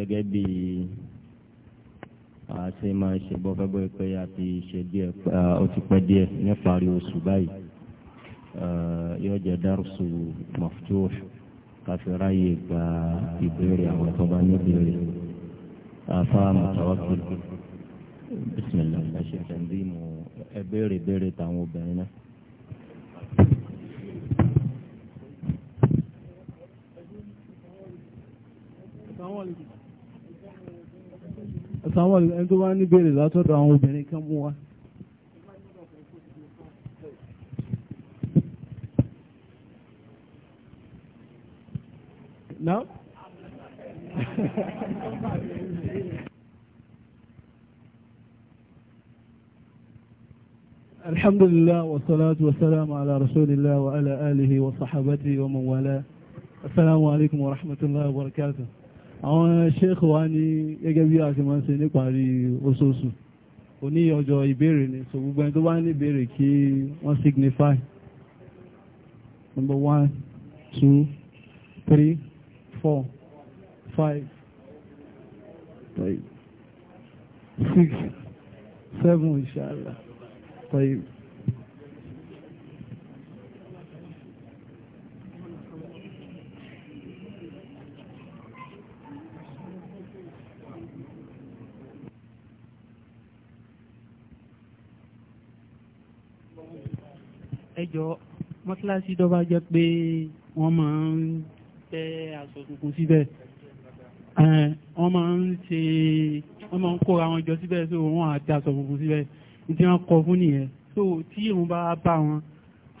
gẹ́gẹ́ bí a ṣe máa ṣe bọ́ fẹ́ bọ́ pé a ti ṣe díẹ̀ ó ti pẹ́ díẹ̀ níparí oṣù báyìí yóò jẹ́ dárúsù maftuh káfíráyè gba ìbéèrè àwọn tó bá ní ìbéèrè afa mutawakil bisimilahi ṣe fẹ́ ń bí mo ẹ béèrè béèrè táwọn obìnrin náà. Samuel ẹni tó bá ní kan الحمد لله والصلاة والسلام على رسول الله وعلى آله وصحابته ومن والاه السلام عليكم ورحمة الله وبركاته àwọn sheikh wa ní gẹ́gẹ́ bí a ti máa ń ṣe níparí oṣooṣù òní ọjọ́ ìbéèrè ni so gbogbo ẹni tó bá ní ìbéèrè kí wọ́n signify number one two three four five six seven inshallah five. ẹjọ́ mọ́sálásí tó bá jẹ́ pé wọ́n máa ń tẹ́ aṣọ tuntun síbẹ̀ wọ́n máa ń ṣe wọ́n máa ń kóra wọn jọ síbẹ̀ so wọ́n á da aṣọ tuntun síbẹ̀ tí wọ́n kọ fún nìyẹn so tí ìrun bá bá wọn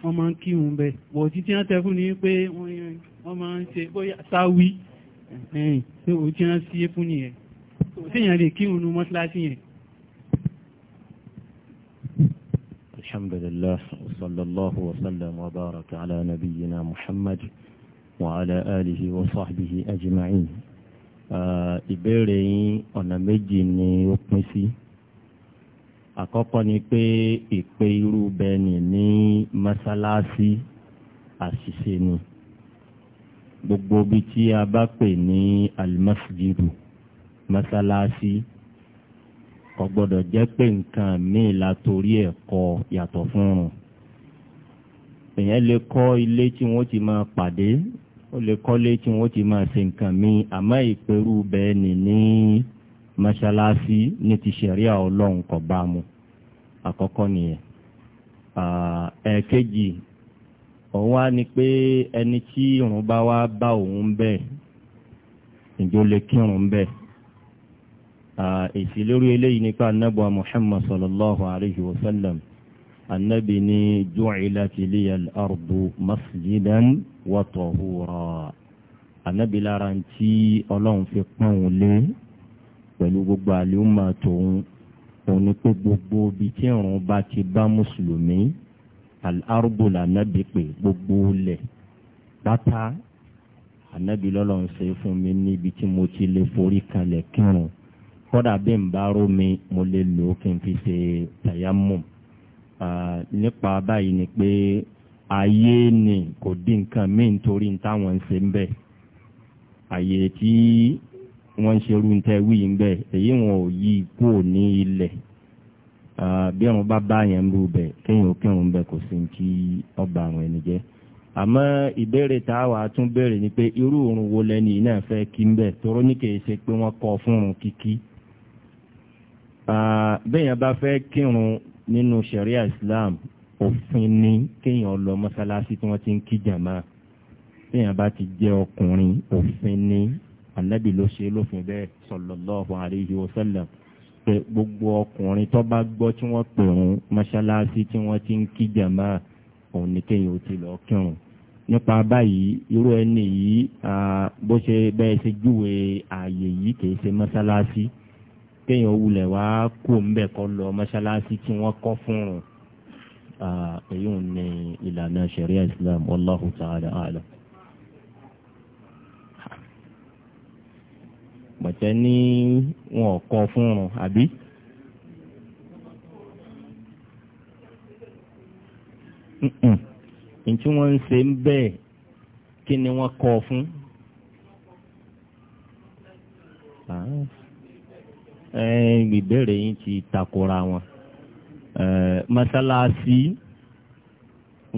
wọ́n máa ń kí ìrun bẹ̀ bọ̀ tí tí wọ́n tẹ fún ni pé wọ́n máa ń ṣe bóyá sáwí so tí wọ́n ṣe fún nìyẹn so tí èèyàn lè kí ìrun nu mọ́sálásí yẹn. الحمد لله وصلى الله وسلم وبارك على نبينا محمد وعلى آله وصحبه أجمعين ìbéèrè yín ọ̀nà méjì ni ó pín sí àkọ́kọ́ ni pé ìpè irú bẹ́ẹ̀ni ní mọ́sálásí àṣìṣe ni gbogbo bí tí a bá pè ní almasjidu mọ́sálásí. Al kò gbọ́dọ̀ jẹ́ pé nǹkan míì la torí ẹ̀ kọ yàtọ̀ fún un èèyàn lè kọ́ ilé tí wọ́n ti máa pàdé ó lè kọ́lé tí wọ́n ti máa ṣe nǹkan míì àmọ́ ìpẹ́rù bẹ́ẹ̀ ni ní mọ́ṣáláṣí ní ti ṣẹ̀ríà ọlọ́run kò bá mu àkọ́kọ́ nìyẹn ẹ̀ẹ̀kejì òun wá ni pé ẹni tí òun bá wá bá òun bẹ́ẹ̀ ìjọ lè kírun bẹ́ẹ̀ èsì lórí eléyìí nípa anábọ̀ muhammad sallallahu alayhi wa sallam anábì ní ju'ila tiliyal ardu masjidan wa tahura anábì lára ń tí ọlọ́run fi pọ́n òun lé pẹ̀lú gbogbo àlùmọ̀ tòun òun ni pé gbogbo ibi tí ìrun bá ti bá mùsùlùmí al lànàbì pé gbogbo lẹ̀ pátá ànábì lọ́lọ́run ṣe fún mi níbi tí mo ti lè forí kalẹ̀ kírun kọ́dà bí n bá ró mi mo lè lò ó kí n fi ṣe tàyámù nípa báyìí ni pé ayé ni kò dín nǹkan míì nítorí táwọn ń ṣe ń bẹ̀ àyè tí wọ́n ń ṣerú ń tẹ́ wí ń bẹ̀ èyí wọn ò yí kú ní ilẹ̀ bí ọ̀run bá bá yẹn ń rú bẹ̀ kéèyàn kéèyàn bẹ̀ kò sí kí ọba àwọn ẹni jẹ́ àmọ́ ìbéèrè tá a wà á tún béèrè ni pé irú òrùn wo lẹ́ni náà fẹ́ kí ń bẹ̀ torọ́ ní kèé ṣe pé wọ́n kọ́ fún un kíkí bẹ́ẹ̀yàn bá fẹ́ kírun nínú sharia islam òfin ni kéèyàn lọ mọ́sálásí tí wọ́n ti ń kí jàmá bẹ́ẹ̀yàn bá ti jẹ́ ọkùnrin òfin ni ànábì ló ṣe lófin bẹ́ẹ̀ sallallahu alayhi wa sallam pé gbogbo ọkùnrin tó bá gbọ́ tí wọ́n pèrún mọ́sálásí tí wọ́n ti ń kí jàmá òun ni kéèyàn ò ti lọ kírun nípa báyìí irú ẹni yìí bó ṣe bẹ́ẹ̀ ṣe júwe ààyè yìí kì í ṣe mọ́sálásí kéèyàn wulẹ̀ wá kó ńbẹ̀ kọ́ lọ mọ́ṣáláṣí tí wọ́n kọ́ fún un èyí ò ní ìlànà sharia islam Allahu ta'ala Ala, pẹ̀tẹ́ ní wọn kọ fún un àbí. ǹtí wọ́n ń ṣe ń bẹ́ẹ̀ kí ni wọ́n kọ fún. ìbéèrè yín ti takora wọn mọ́sálásí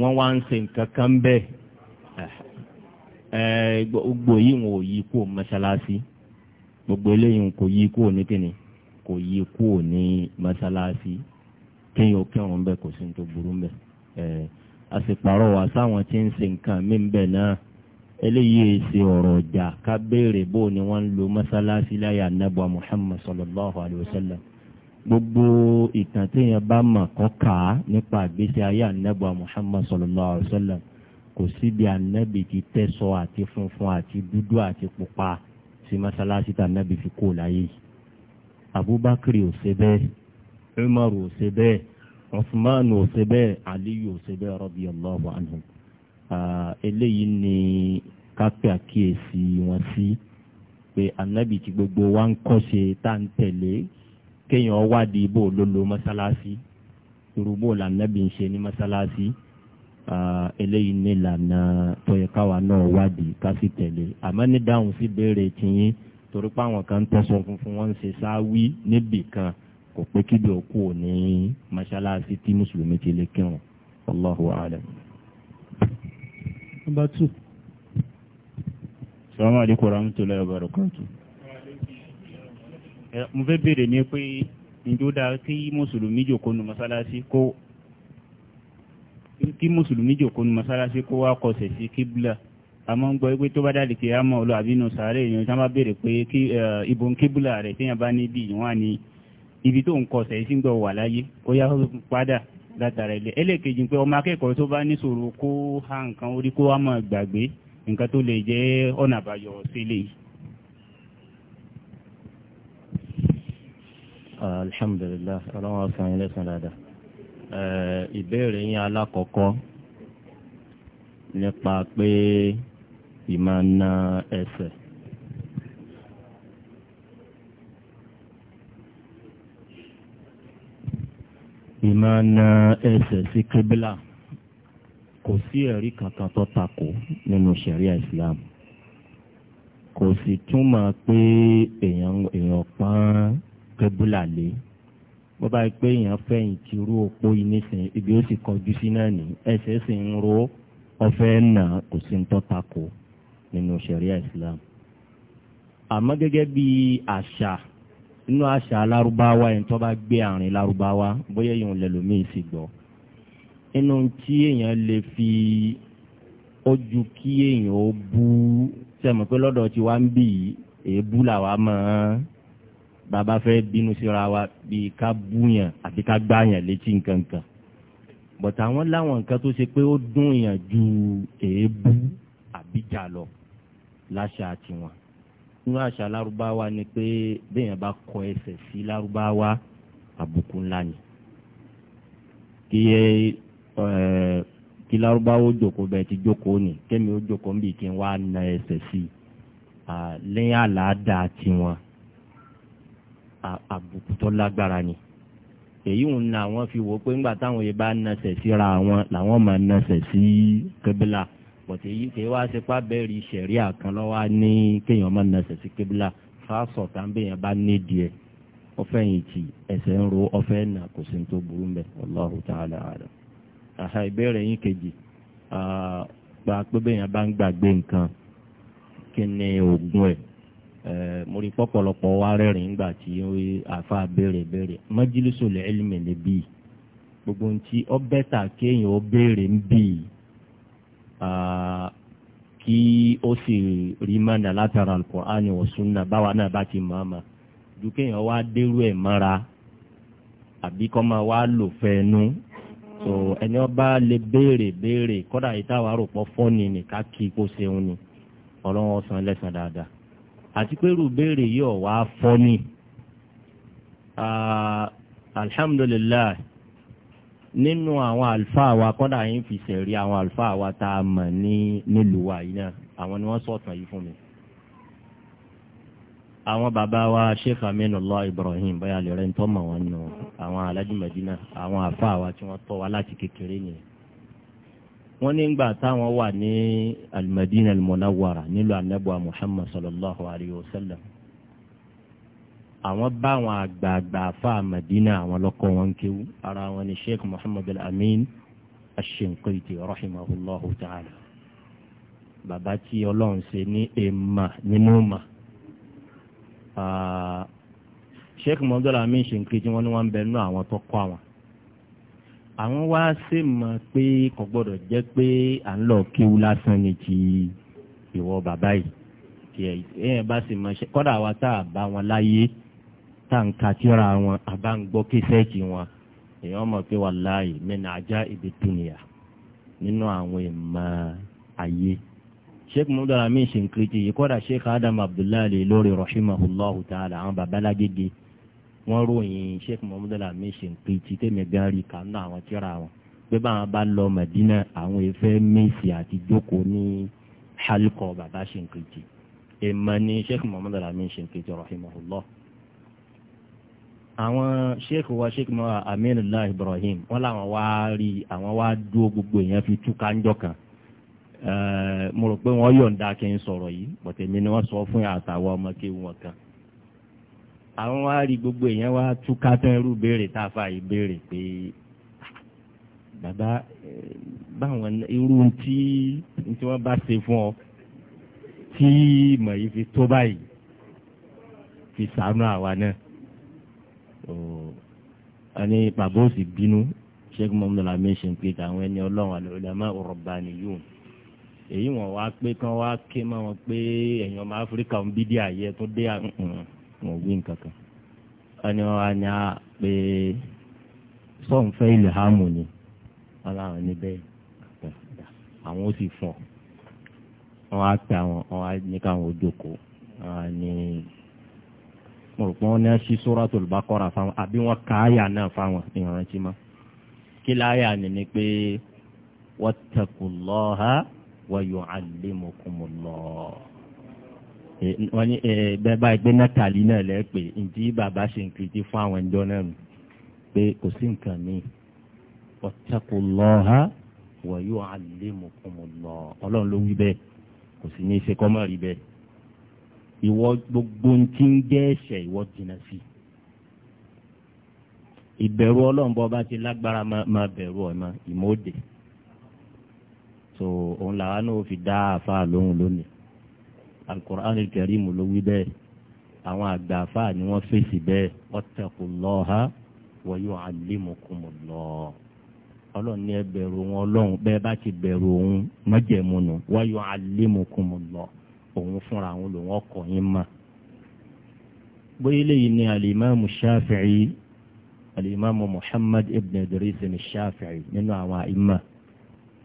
wọ́n wá ń ṣe nǹkan kan bẹ́ẹ̀ gbogbo yìí wọn ò yí kó masalasi gbogbo eléyìí kò yí kó ní kíni kò yí kó ní masalasi kéèyàn kẹ́hùn kò sí ní tó burú bẹ́ẹ̀ sáwọn tí ń nǹkan eléyìí ṣe ọ̀rọ̀ ọjà ká béèrè bó ni wọ́n ń lo mọ́sálásí láyà nàbọ̀ muhammad sallallahu alayhi wa sallam gbogbo ìtàn téèyàn bá mà kọ́ kà á nípa àgbésí ayé ànábọ̀ muhammad sallallahu alayhi wa sallam kò síbi ànábì ti tẹ́sọ àti funfun àti dúdú àti pupa sí mọ́sálásí tá ànábì fi kó láyé abubakar ò ṣe bẹ́ẹ̀ umar ò ṣe bẹ́ẹ̀ usman ò ṣe bẹ́ẹ̀ aliyu ò ṣe bẹ́ẹ̀ radiyallahu anhum eléyìí ni kápẹ́ àkíyèsí wọn sí pé anabi tí gbogbo wa ń kọ́ṣe tá à ń tẹ̀lé kéèyàn wádìí bò ló lo mọ́sálásí irúgbó la anabi ń ṣe ní mọ́sálásí eléyìí ní ìlànà tọ́yẹ káwa náà wádìí ká sì tẹ̀lé àmọ́ ní dáhùn sí béèrè tiyín torí pé àwọn kan ń tọ́sọ funfun wọ́n ń ṣe sáwí níbì kan kò pé kíbi òkú ò ní mọ́sálásí tí mùsùlùmí ti lè kírun Allahu a'lam. Number two. Salamu alaikum warahmatullahi wabarakatuh. Mo fẹ́ bèèrè ní pé ǹjọ́ dáa kí Mùsùlùmí jòkó nu mọ́sálásí kó kí Mùsùlùmí jòkó nu mọ́sálásí kó wá kọsẹ̀ sí kíbla. Àmọ́ ń gbọ́ pé tó bá dàdí kí á mọ̀ ọ́ lọ àbínú sàárè èèyàn tá bèèrè pé kí ibo kíbla rẹ̀ téèyàn bá níbi ìwọ̀n ni ibi tó ń kọsẹ̀ sí ń gbọ́ wà láyé ó yá padà látara ilé ẹlẹ́ẹ̀kejì pé ọmọ akẹ́kọ̀ọ́ tó bá ní kó há nǹkan orí kó wá gbàgbé nǹkan tó lè jẹ́ ọ̀nà àbáyọ sílé alhamdulillah ọlọ́run ọ̀sán ilé dáadáa eh, ìbéèrè yín alákọ̀ọ́kọ́ nípa pé ìmọ̀ na ẹsẹ̀ ìmọ̀ọ́nà ẹsẹ̀ sí kébílà kò sí ẹ̀rí kankan tó takò nínú sẹ̀ríà islam kò sì túmọ̀ pé èèyàn pọ́n kébílà lé bó bá pé èèyàn fẹ̀yìn tí irú òpó yìí nísìnyí ibi ó sì kọjú sí náà ní ẹsẹ̀ sì ń ro ọfẹ́ nà kò sí ń tó takò nínú sẹ̀ríà islam àmọ́ gẹ́gẹ́ bí àṣà nínú àṣà alárúbáwá ẹni tó bá gbé àrùn lárúbáwá bóyá èèyàn lẹ́lòmíì sì gbọ́ inú tí èèyàn lè fi ojú kí èèyàn ó bú sẹ́mi pé lọ́dọ̀ tí wá ń bì í èébú làwa mọ̀ ọ́n bàbá fẹ́ bínú síra wa bíi ká búyàn àti ká gbáyàn létí nǹkan kan àwọn láwọn nǹkan tó ṣe pé ó dùn yàn ju èébú àbíjà lọ láṣà tiwọn nínú àṣà lárúbáwá ni pé béèyàn bá kọ ẹsẹ̀ sí lárúbáwá àbùkù ńlá ni kí ẹ kí lárúbáwá ó jòkó bẹ́ẹ̀ ti jókòó ni kémi ó jòkó ń bì kí n wá na ẹsẹ̀ sí i lẹ́yìn àlàáda tiwọn àbùkù tó lágbára ni èyí ń na àwọn fi wò pé ńgbà táwọn yìí bá nasẹ̀ síra àwọn làwọn máa nasẹ̀ sí kébìlà kọ̀tí yìí kì í wá sí pábẹ́rì sẹ̀ríà kan lọ́wọ́ ní kéèyàn máa nẹsẹ̀ sí kébìlà fásọ̀ tàbí yẹn bá nídìí ẹ̀ ọfẹ́ yìí ti ẹsẹ̀ ń ro ọfẹ́ náà kò sí tó burú mbẹ́ Allahu ta'ala àdá. àṣà ìbéèrè yín kejì gba pé bẹ́yẹn bá ń gbàgbé nǹkan kí ni oògùn ẹ̀ mo rí pọ́pọ̀lọpọ̀ wá rẹ́rìn nígbà tí àfa béèrè béèrè májílísù lẹ́ẹ̀lìmẹ̀ lè bí gbogbo ohun tí ọ bẹ́tà kéèyàn ó béèrè ń bí kí ó sì rí mọ́nà látara Al-Qur'ani wa Sunnah báwa náà bá ti mọ̀ ọ́ mọ̀ ju kéèyàn wá dérú ẹ̀ mọ́ra àbí kọ́ máa wá lò fẹ́ẹ́nu so ẹni ọba lè béèrè béèrè kọ́dà yìí táwa rò pọ̀ fọ́ọ̀nì nìkan kí kó ṣeun ni ọlọ́wọ́ san lẹ́sàn dáadáa àti pé irú béèrè yìí ọ̀ wá fọ́ọ̀nì ah, alhamdulilayi nínú àwọn àlùfáà wa kọ́dà yín fi sẹ̀rí àwọn àlùfáà wa tá a mọ̀ ní nílùú wa yìí náà àwọn ni wọ́n sọ̀tàn yìí fún mi. àwọn bàbá wa sheikh aminullah ibrahim bóyá lè rẹ́ ń tọ́ mọ̀ wọn nù àwọn alhaji madina àwọn àfáà wa tí wọ́n tọ́ wa láti kékeré nìyẹn wọ́n ní gbà táwọn wà ní alimadina almunawara nílùú anabuwa muhammad sallallahu alayhi wa sallam àwọn bá àwọn àgbààgbà afa Madina àwọn lọ́kọ́ wọn kéwú ara wọn ni Sheikh Muhammad Al-Amin Ash-Shinqiti rahimahullahu ta'ala bàbá tí ọlọ́run ṣe ní èèmà nínú mà Sheikh Muhammad Al-Amin Ash-Shinqiti wọn ni wọn bẹ nú àwọn tó kọ́ àwọn àwọn wá sí mọ̀ pé kò gbọ́dọ̀ jẹ́ pé à ń lọ kíw lásán ni ti ìwọ bàbá yìí kí ẹ bá sì mọ̀ kọ́dà wa tá a bá wọn láyé táǹkà tíra wọn àbá ń gbọ́ kíṣẹ́ẹ̀kì wọn èèyàn mọ̀ pé wàláhì min ajaibi dunya nínú àwọn ìmọ̀ ayé sheikh muhammed alamin shinkiti kódà sheikh adam abdullahi lórí rahimahullahu ta'ala àwọn babalágége wọ́n ròyìn sheikh muhammed alamin shinkiti tẹ́mi gari kanú àwọn tíra wọn pé báwọn bá lọ mẹ̀dínà àwọn ìfẹ́ mẹ́sì àti jókòó ní halkọ baba shinkiti èèmọ̀ ni sheikh muhammed alamin shinkiti rahimahullahu àwọn sheikh wa sheikh mọ́ aminullah ibrahim wọ́n láwọn wá rí àwọn wá dúó gbogbo èèyàn fi túká ń jọ kan eh, mo rò pé wọ́n yọ̀ǹda kí n sọ̀rọ̀ yìí pọ̀tẹ̀mí ni wọ́n sọ fún àtàwọn ọmọ kí wọ́n kan àwọn wá rí gbogbo èèyàn wá túká tán irú béèrè tá a fà yìí béèrè pé bàbá eh, báwọn irú tí tí wọ́n bá ṣe fún ọ tí mọ̀ yìí fi tó báyìí fi sàánú àwa náà ẹni bàbá òsì bínú sheikh muhammed alamin ṣe ń pè táwọn ẹni ọlọ́run àlọ́ ìlànà urbaniyun èyí wọn wá pé kán wá ké mọ́ wọn pé ẹ̀yin ọmọ áfíríkà ń bí dé àyẹ tó dé wọn wí nǹkan kan ẹni wọn wá ní a pé sọ́ǹfẹ́ ilẹ̀ hàmù ni wọn làwọn níbẹ̀ àwọn ó sì fọ̀ wọn á pè àwọn wọn á ní káwọn ó wọn á ní mo rò pé wọ́n náà ṣí Suratul Baqara fáwọn àbí wọ́n ka àyà náà fáwọn ìrántí mọ́ kí láyà ni ni pé wattaqullaha wa yu'allimukumullah wọ́n ní bẹ́ẹ̀ báyìí pé nátàlí náà lẹ́ pé ǹjí bàbá ṣe nǹkan ti fún àwọn ẹ̀jọ́ náà nù pé kò sí nǹkan mi wattaqullaha wa yu'allimukumullah ọlọ́run ló wí bẹ́ẹ̀ kò sí ní í ṣe kọ́ bẹ́ẹ̀ ìwọ gbogbo ti ń jẹ́ ẹ̀ṣẹ̀ ìwọ jìnnà sí i. ìbẹ̀rù ọlọ́run bọ́ bá ti lágbára máa bẹ̀rù ọ̀nà ìmọ̀ọ́dẹ. so òun làwa náà fi dá àfa lóhùn lónìí alukur'an kẹrìmù ló wí bẹ́ẹ̀ àwọn àgbà àfa ni wọ́n fèsì bẹ́ẹ̀ ọ̀tẹ̀kù lọ́ha wọ́n yóò alimukumu lọ. ọlọ́run ní ẹ bẹ̀rù wọn ọlọ́run bẹ́ẹ̀ bá ti bẹ̀rù òun mọ́jẹ̀múnu wọ́n yóò alimukumu lọ òun fúnra àwọn lòun ọkọ yín mọ̀ bóyá eléyìí ni alimami shafi'i alimami muhammad ibn idris ni shafi'i nínú àwọn àìmọ̀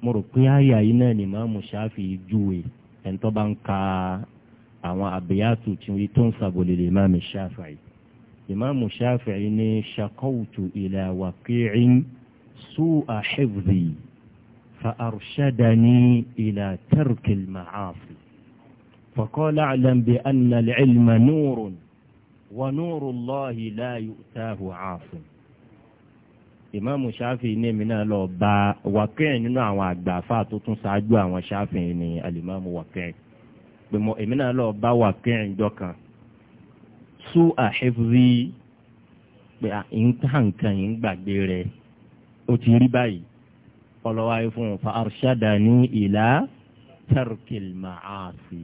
mo rò pé àyà yìí náà ni imaamu shafi'i júwe ẹ̀ńtọ́ bá ń ka àwọn àbíyàtù tí wọ́n tó ń sàbòlélè imaamu shafi'i imaamu shafi'i ni shakawtu ila waqi'in su'a hifzi fa arshadani ila tarkil ma'asi. فقال اعلم بأن العلم نور ونور الله لا يؤتاه عاص ìmáàmù ṣáfì ní èmi náà lọ bá wákẹ́ẹ̀ nínú àwọn àgbààfà tó tún ṣáájú àwọn ṣáfì ní alìmáàmù wákẹ́ẹ̀ pé mo èmi náà lọ bá wákẹ́ẹ̀ ńjọ kan sú àṣẹ́fúrí pé nǹkan yìí ń gbàgbé rẹ̀ ó ti rí báyìí ọlọ́wáyé fún un fa arṣádà ní ìlà tarkil ma'asi.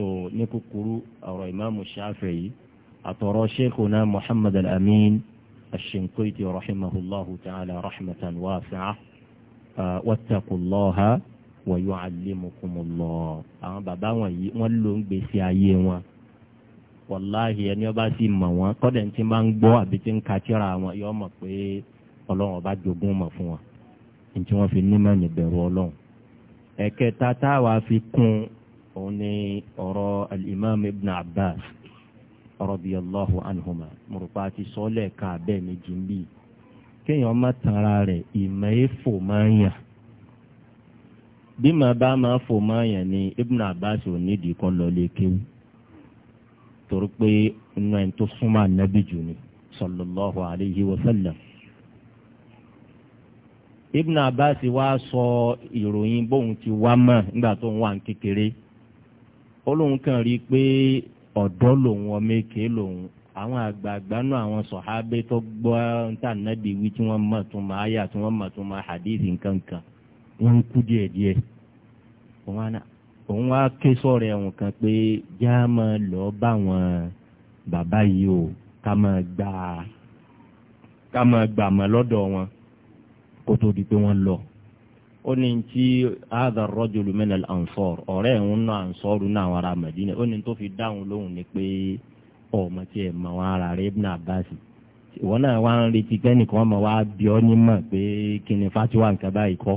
so ní kúkúrú ọ̀rọ̀ ìmáàmù Shafi'i àtọ̀rọ̀ sheikhuna Muhammad al-Amin ash-Shinqiti rahimahullahu ta'ala rahmatan wasi'ah wattaqullaha wa yu'allimukumullah àwọn bàbá wọn yìí wọ́n ló ń gbèsè ayé wọn wàláhì ẹni ọba sì mọ̀ wọ́n kọ́dẹ̀ tí máa ń gbọ́ àbí tí ń ka tíra wọn yọ mọ̀ pé ọlọ́run ọba jogún mọ̀ fún wọn ní wọ́n fi nímọ̀ níbẹ̀rù ọlọ́run òun ni ọ̀rọ̀ al-imam ibn abbas radiyallahu anhuma mùrùpá àti sọ́lẹ̀ ká bẹ́ẹ̀ méjì ń bì kéèyàn má tara rẹ̀ ìmọ̀ èèfò máa ń yàn bí màá bá máa fò máa yàn ni ibn abbas ò nídìí kan lọ kéwù torí pé inú ẹni tó súnmọ́ jù ni sallallahu alayhi wa sallam abbas wá sọ ìròyìn bóun ti olóhun kan kàn rí i pé ọ̀dọ́ lòun ọmọ èké lòun àwọn àgbààgbà náà àwọn sọ̀hábé tó gbọ́ níta nábì wí tí wọ́n mọ̀ tó máa yà tí wọ́n mọ̀ tó hadith nǹkan kan wọ́n ń kú díẹ̀díẹ̀ òun wá ké sọ̀rọ̀ kan pé já lọ bá bàbá yìí o ká máa lọ. ó ní tí áàdà rọ́jòlù mẹ́nà ansọ́r ọ̀rẹ́ ẹ̀hún náà ansọ́rù náà wà ra mẹ́dínà ó ní tó fi dáhùn lóhùn ni pé ọmọ tí ẹ̀ mọ̀ wọn ara rẹ̀ ibùn àbáṣì ìwọ náà wá ń retí kẹ́nìkan ọmọ wa bí ọ nímọ̀ pé kí fatiwa nǹkan báyìí kọ́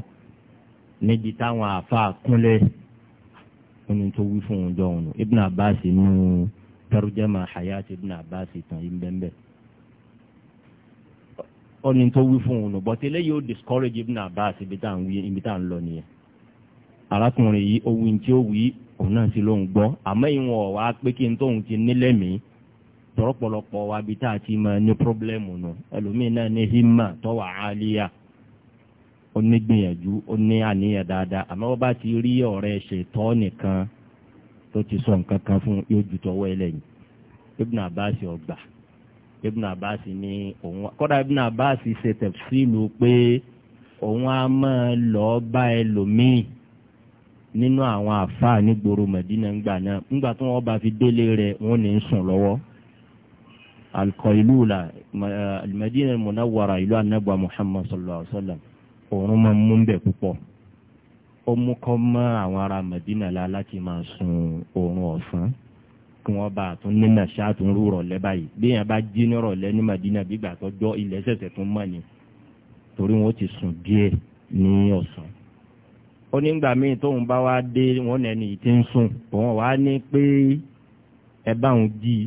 níbi táwọn àáfàá kúnlẹ̀ ó ní tó wí fún un jọ òun ibùn àbáṣì nù tẹrùjẹ́mà hayat ibùn àbáṣì tàn yín bẹ́ẹ̀ bẹ́ẹ̀ ó ní tó wí fún òun but eléyìí ó discourage Ibn Abbas ibi tá à ń wí ibi tá à ń lọ nìyẹn arákùnrin yìí ohun tí ó wí òun náà sì lóun gbọ́ àmọ́ ìwọ̀n ti nílẹ̀ mí tọ́rọ̀pọ̀lọpọ̀ wa bí tá a ti máa ní pírọ́blẹ́mù nù ẹlòmíín náà ní hima tọ́wà áálíyà ó ní gbìyànjú ó ní àníyàn dáadáa àmọ́ bá ti rí ọ̀rẹ́ ti sọ nǹkan kan fún yóò ju tọwọ́ ẹlẹ́yìn Ibn ibn abbas ní òun kọ́dà ibn abbas ṣe tẹ̀sílù pé òun á máa lọ bá ẹlòmíì nínú àwọn àfáà nígboro mẹ̀dínà ńgbà náà ńgbà tí wọ́n bá fi délé rẹ̀ wọ́n ní í sùn lọ́wọ́ alkọ̀ìlúùlà alimẹ́dínà mọ̀nàwàrà ìlú anábà muhammad sallallahu alayhi wa sallam òun máa mú bẹ́ẹ̀ púpọ̀ ó mú kọ́ mọ́ àwọn ará mẹ̀dínà la láti máa sun oorun ọ̀sán kí wọ́n bá tún nínà ṣáàtún rú rọ̀lẹ́ báyìí bí èèyàn bá jí ní rọ̀lẹ́ ní Madina bígbà tó jọ ilẹ̀ tún mọ̀ ni torí wọn ti sùn díẹ̀ ní ọ̀sán ó ní gbà míì tóun bá wá dé wọn nẹni tí ń sùn òun wá ní pé ẹ bá òun jí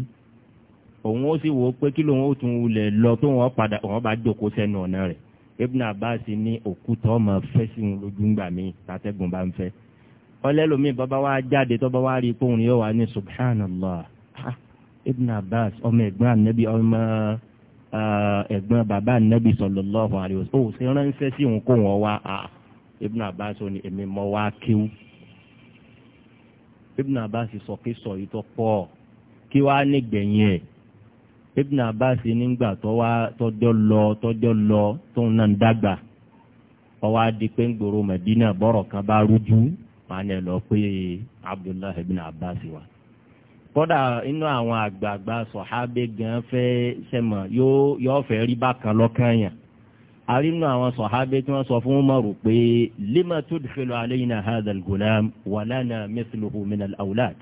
òun ó sì wò ó pé kí lòun ó tún wulẹ̀ lọ tóun ó padà òun bá jókòó sẹ́nu ọ̀nà rẹ̀ Ibn Abbas ní òkúta ọmọ fẹ́ sí òun lójú ńgbà míì tàtẹ́gùn bá ń fẹ́ ọlẹ́lòmíì bàbá wa jáde tó bá wa rí i pé òun yóò wá ní subhanallah ibn abbas ọmọ ẹ̀gbọ́n anabi ọmọ ẹ̀gbọ́n bàbá anabi sallallahu alaihi wasallam òun ṣe ránṣẹ́ sí òun kó wọn wá ibn abbas ò ní èmi mọ wá kíw ibn abbas sọ kí sọ yìí tó pọ̀ kí wàá nígbẹ̀yìn ẹ̀ ibn abbas nígbà tó wá tọjọ́ lọ tọjọ́ lọ tó ń náà dàgbà ọwọ́ adi pé ń gbòòrò mẹ̀dínà bọ́rọ̀ kan bá rújú wọn ni ẹ lọ pé abdullahi ibn abbas wa kódà inú àwọn àgbààgbà sọ̀hábé gan fẹ́ sẹ́mọ̀ yóò fẹ́ rí bákan lọ́kàn yàn arínú àwọn sọ̀hábé tí wọ́n sọ fún umaru pé lima tó dìfẹ́ lọ aléyìnà hadal gulam wà lánàá mẹ́sìlùkù minal awlad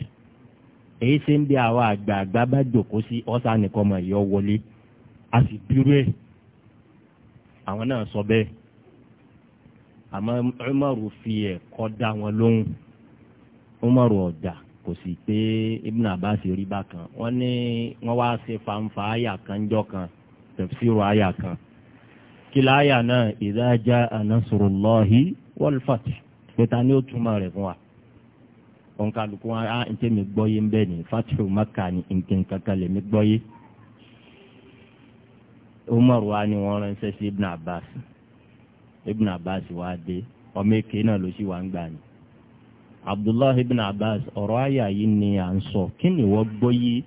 èyí ṣe ń bí àwọn àgbààgbà bá jòkó sí ọ́sà nìkan mọ̀ yọ wọlé a sì dúró ẹ̀ àwọn náà sọ bẹ́ẹ̀ àmọ́ Umaru fi ẹ̀kọ́ dá wọn lóhùn Umaru ọ̀dà kò sì pé Ibn Abbas rí bákan wọ́n ní wọ́n wá ṣe fanfa àyà kan jọ kan tafsiru àyà kan kìlá àyà náà idha jaa nasrullahi wal pẹ̀ta ni ó rẹ̀ fún wa wọn kálukú wọn á ntẹ mi gbọ́ yé nbẹ ni fatihu maka ni nkin kankan lè mi gbọ́ yé Umaru wa ni wọ́n ránṣẹ́ sí Ibn Abbas ibn abbas wá dé ọmọ èké náà ló sì wá ń gbà ní. abdullahi ibn abbas ọ̀rọ̀ àyà yìí ni à ń sọ kí ni wọ́n gbọ́ yìí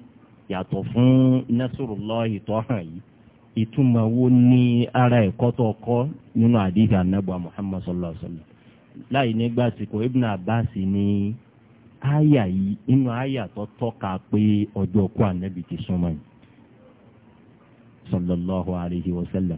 yàtọ̀ fún nasrullahi tó hàn yìí ìtumọ̀ wo ní ara ẹ̀kọ́ tó kọ́ nínú àdìsí anábọ̀ muhammad sallallahu alayhi wa sallam láì nígbà tí kò ibn abbas ní àyà yìí nínú àyà tó tọ́ka pé ọjọ́ ọkọ ànábì ti súnmọ́ yìí sallallahu alayhi wa sallam.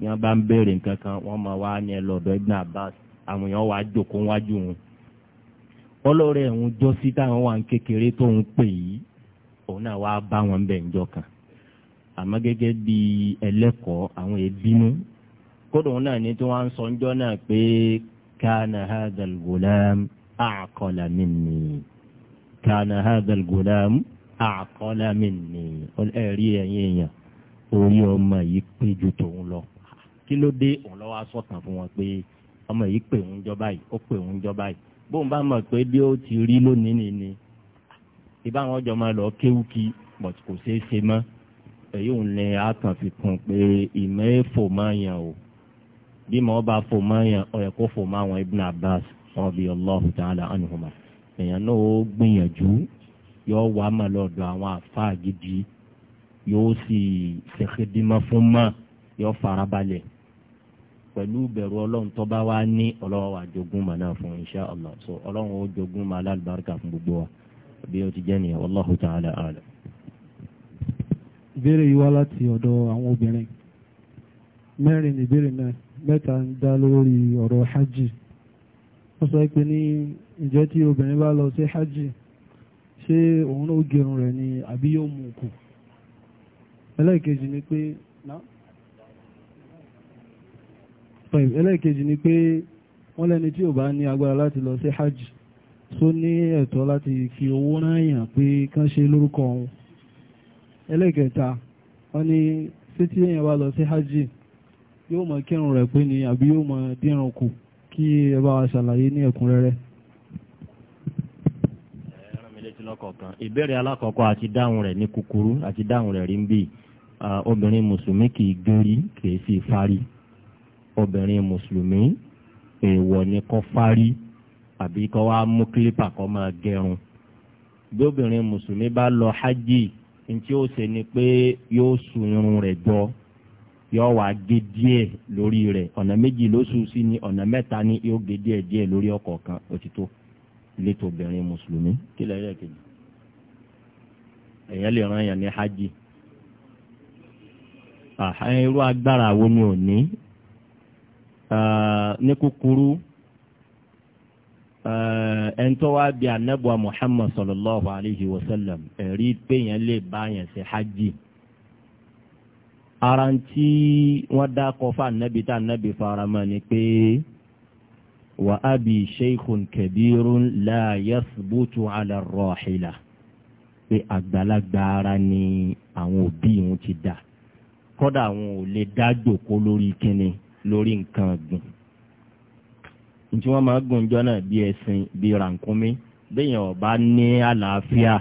bí wọ́n bá ń béèrè nǹkan kan máa wá ibn abbas àwọn èèyàn wàá jòkó wájú wọn. ọlọ́rẹ̀ ẹ̀hún jọ́sí táwọn wà ń kékeré tó pè yìí òun náà wàá bá wọn bẹ̀ ńjọ kan àmọ́ gẹ́gẹ́ bí ẹlẹ́kọ̀ọ́ àwọn èbínú kódò òun náà ní tí wọ́n ń sọ ńjọ́ náà pé hadal gulam àkọlà mi nì hadal gulam àkọlà mi nì kí ló dé òun lọ́wọ́ sọ̀tàn fún wọn pé ọmọ yìí pè ń jọba yìí ó pè ń jọba yìí bóun bá mọ̀ pé bí ó ti rí lónìí ni ni ìbá àwọn ọjọ́ máa lọ kéwú kí bọ̀t kò ṣeé ṣe mọ́ èyí òun lè àkàn fi kún pé ìmọ̀ èèfò máa yàn o bí mo bá fò máa yàn ọ̀yẹ̀ kó fò máa wọn ibùn abbas ọ̀bì ọlọ́hùn tààlà ànùhùmá èèyàn náà ó gbìyànjú yóò wá mà lọ́dọ̀ àwọn àfáà gidi yóò sì ṣèkédìmọ́ fún mọ́ yóò farabalẹ̀ pẹ̀lú bẹ̀rù ọlọ́run tó bá wá ní ọlọ́run wa jogún mà náà fún insha so ọlọ́run ó jogún mà fún gbogbo wa bí o ti jẹ́ nìyẹn ta'ala ìbéèrè yìí wá láti ọ̀dọ̀ àwọn obìnrin mẹ́rin ní ìbéèrè náà mẹ́ta ń dá lórí ọ̀rọ̀ hajj wọ́n sọ lọ sí hajj ṣé òun gerun ni àbí yóò mú un kù ẹlẹ́ẹ̀kejì ni pé tọ́yìn ẹlẹ́ẹ̀kejì ni pé wọ́n lẹ́ni tí ò bá ní agbára láti lọ sí hajj só ní ẹ̀tọ́ láti fi owó ráyàn pé kán ṣe lórúkọ òun ẹlẹ́ẹ̀kẹta wọ́n ní sí tí èèyàn bá lọ sí hajj yóò mọ kírun rẹ̀ pé ni àbí yóò mọ dírun kù kí ẹ bá wa ṣàlàyé ní ẹ̀kúnrẹ́rẹ́ ah, obìnrin mùsùlùmí kì í gérí kì í sì fárí obìnrin mùsùlùmí èèwọ̀ ni kọ́ fárí àbí kọ́ wá mú kílípà kọ́ máa gẹrun bí obìnrin mùsùlùmí bá lọ hajj ntí ó ṣe ni pé yóò sun irun rẹ̀ jọ yóò wá gé díẹ̀ lórí rẹ̀ ọ̀nà méjì lóṣù sí ni ọ̀nà mẹ́ta ni yóò gé díẹ̀ díẹ̀ lórí ọ̀kọ̀ọ̀kan òtítọ́ lẹ́tọ̀ obìnrin mùsùlùmí kí lè ran ní hajj àhán irú agbára wo ni ò ní Eh, ní kúkúrú eh, ẹ̀ńtọ́ wa bí anábọ̀ muhammad sallallahu alayhi wa sallam ẹ̀rí pé yẹn lè bá yẹn ṣe hajj ara tí wọ́n dákọ̀ fún anábì tá anábì farama ni pé wà á bí sheikhun kabirun la yasbutu ala rọ̀hìlà pé àgbàlagbà ara ni àwọn òbí òun ti dà kọ́dà àwọn ò lè dá jòkó lórí kínni lórí nǹkan ọ̀gbìn ntí wọ́n máa gùn jọ náà bí ẹṣin bí rànkúnmí bẹ́yẹn ọba ní àlàáfíà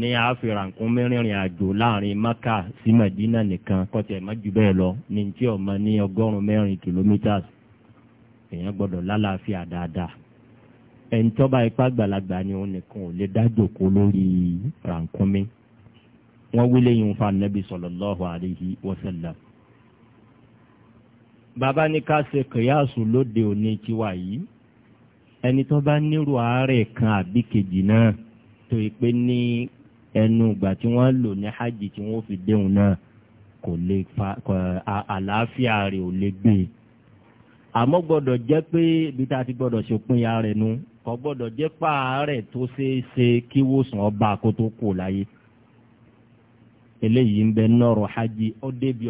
ní àáfi rànkúnmí rìnrìn àjò láàrin maka sí madina nìkan kọ́tẹ̀ má jù bẹ́ẹ̀ lọ ní tí ọmọ ní ọgọ́rùn-ún mẹ́rin kìlómítàs èèyàn gbọ́dọ̀ lálàáfíà dáadáa ẹ̀ńtọ́ba ipá gbàlagbà ni òun nìkan ò lè dájòkó lórí rànkúnmí wọ́n wílé yìí ń fa nàbì sọ̀lọ́lọ́hu àríyí wọ́sẹ̀lẹ̀ bàbá ní ká ṣe kìyàsù lóde òní tiwa yìí ẹni tó bá nírú àárẹ̀ kan àbí kejì náà tó yìí pé ní ẹnu ìgbà tí wọ́n lò ní hajj tí fi déhùn náà kò lè fa àlàáfíà ò lè gbé pé ibi tá a ti ya rẹ̀ nu kò gbọ́dọ̀ jẹ́ pààrẹ̀ tó ṣeé ṣe kí ọba kó tó kù láyé eléyìí hajj ó débi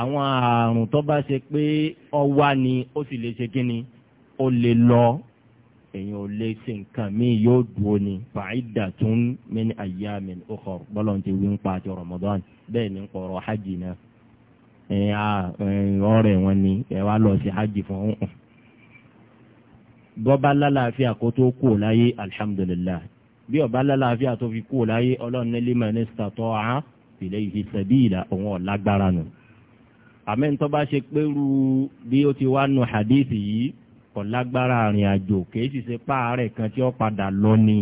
àwọn àrùn tó bá ṣe pé ọwá ni ó sì lè ṣe kíni ó lè lọ èyàn ò lè ṣe nǹkan míì yóò dúró ni fàáìdà tún mẹ́ni àyà mẹ́ni ó kọ̀ bọ́lọ̀ ti wí ń pa àti Ramadan bẹ́ẹ̀ ni ń pọ̀rọ̀ hajj náà ọ̀rẹ́ wọn ni ẹ wá lọ sí hajj fún ọ̀hún. bọ́bá lálàáfíà kó tó kú láyé alhamdulillah bí ọba lálàáfíà tó fi kú láyé ọlọ́run ní lima ní àá ìlẹ́yìí sabila òun ọ̀lágbára nù. No àmẹ́ńtọ́ bá ṣe pẹ́rú bí ó ti wá nu hadithi yìí kò lágbára àrìn àjò kìí sì ṣe páàrẹ̀ kan tí ó padà lọ ni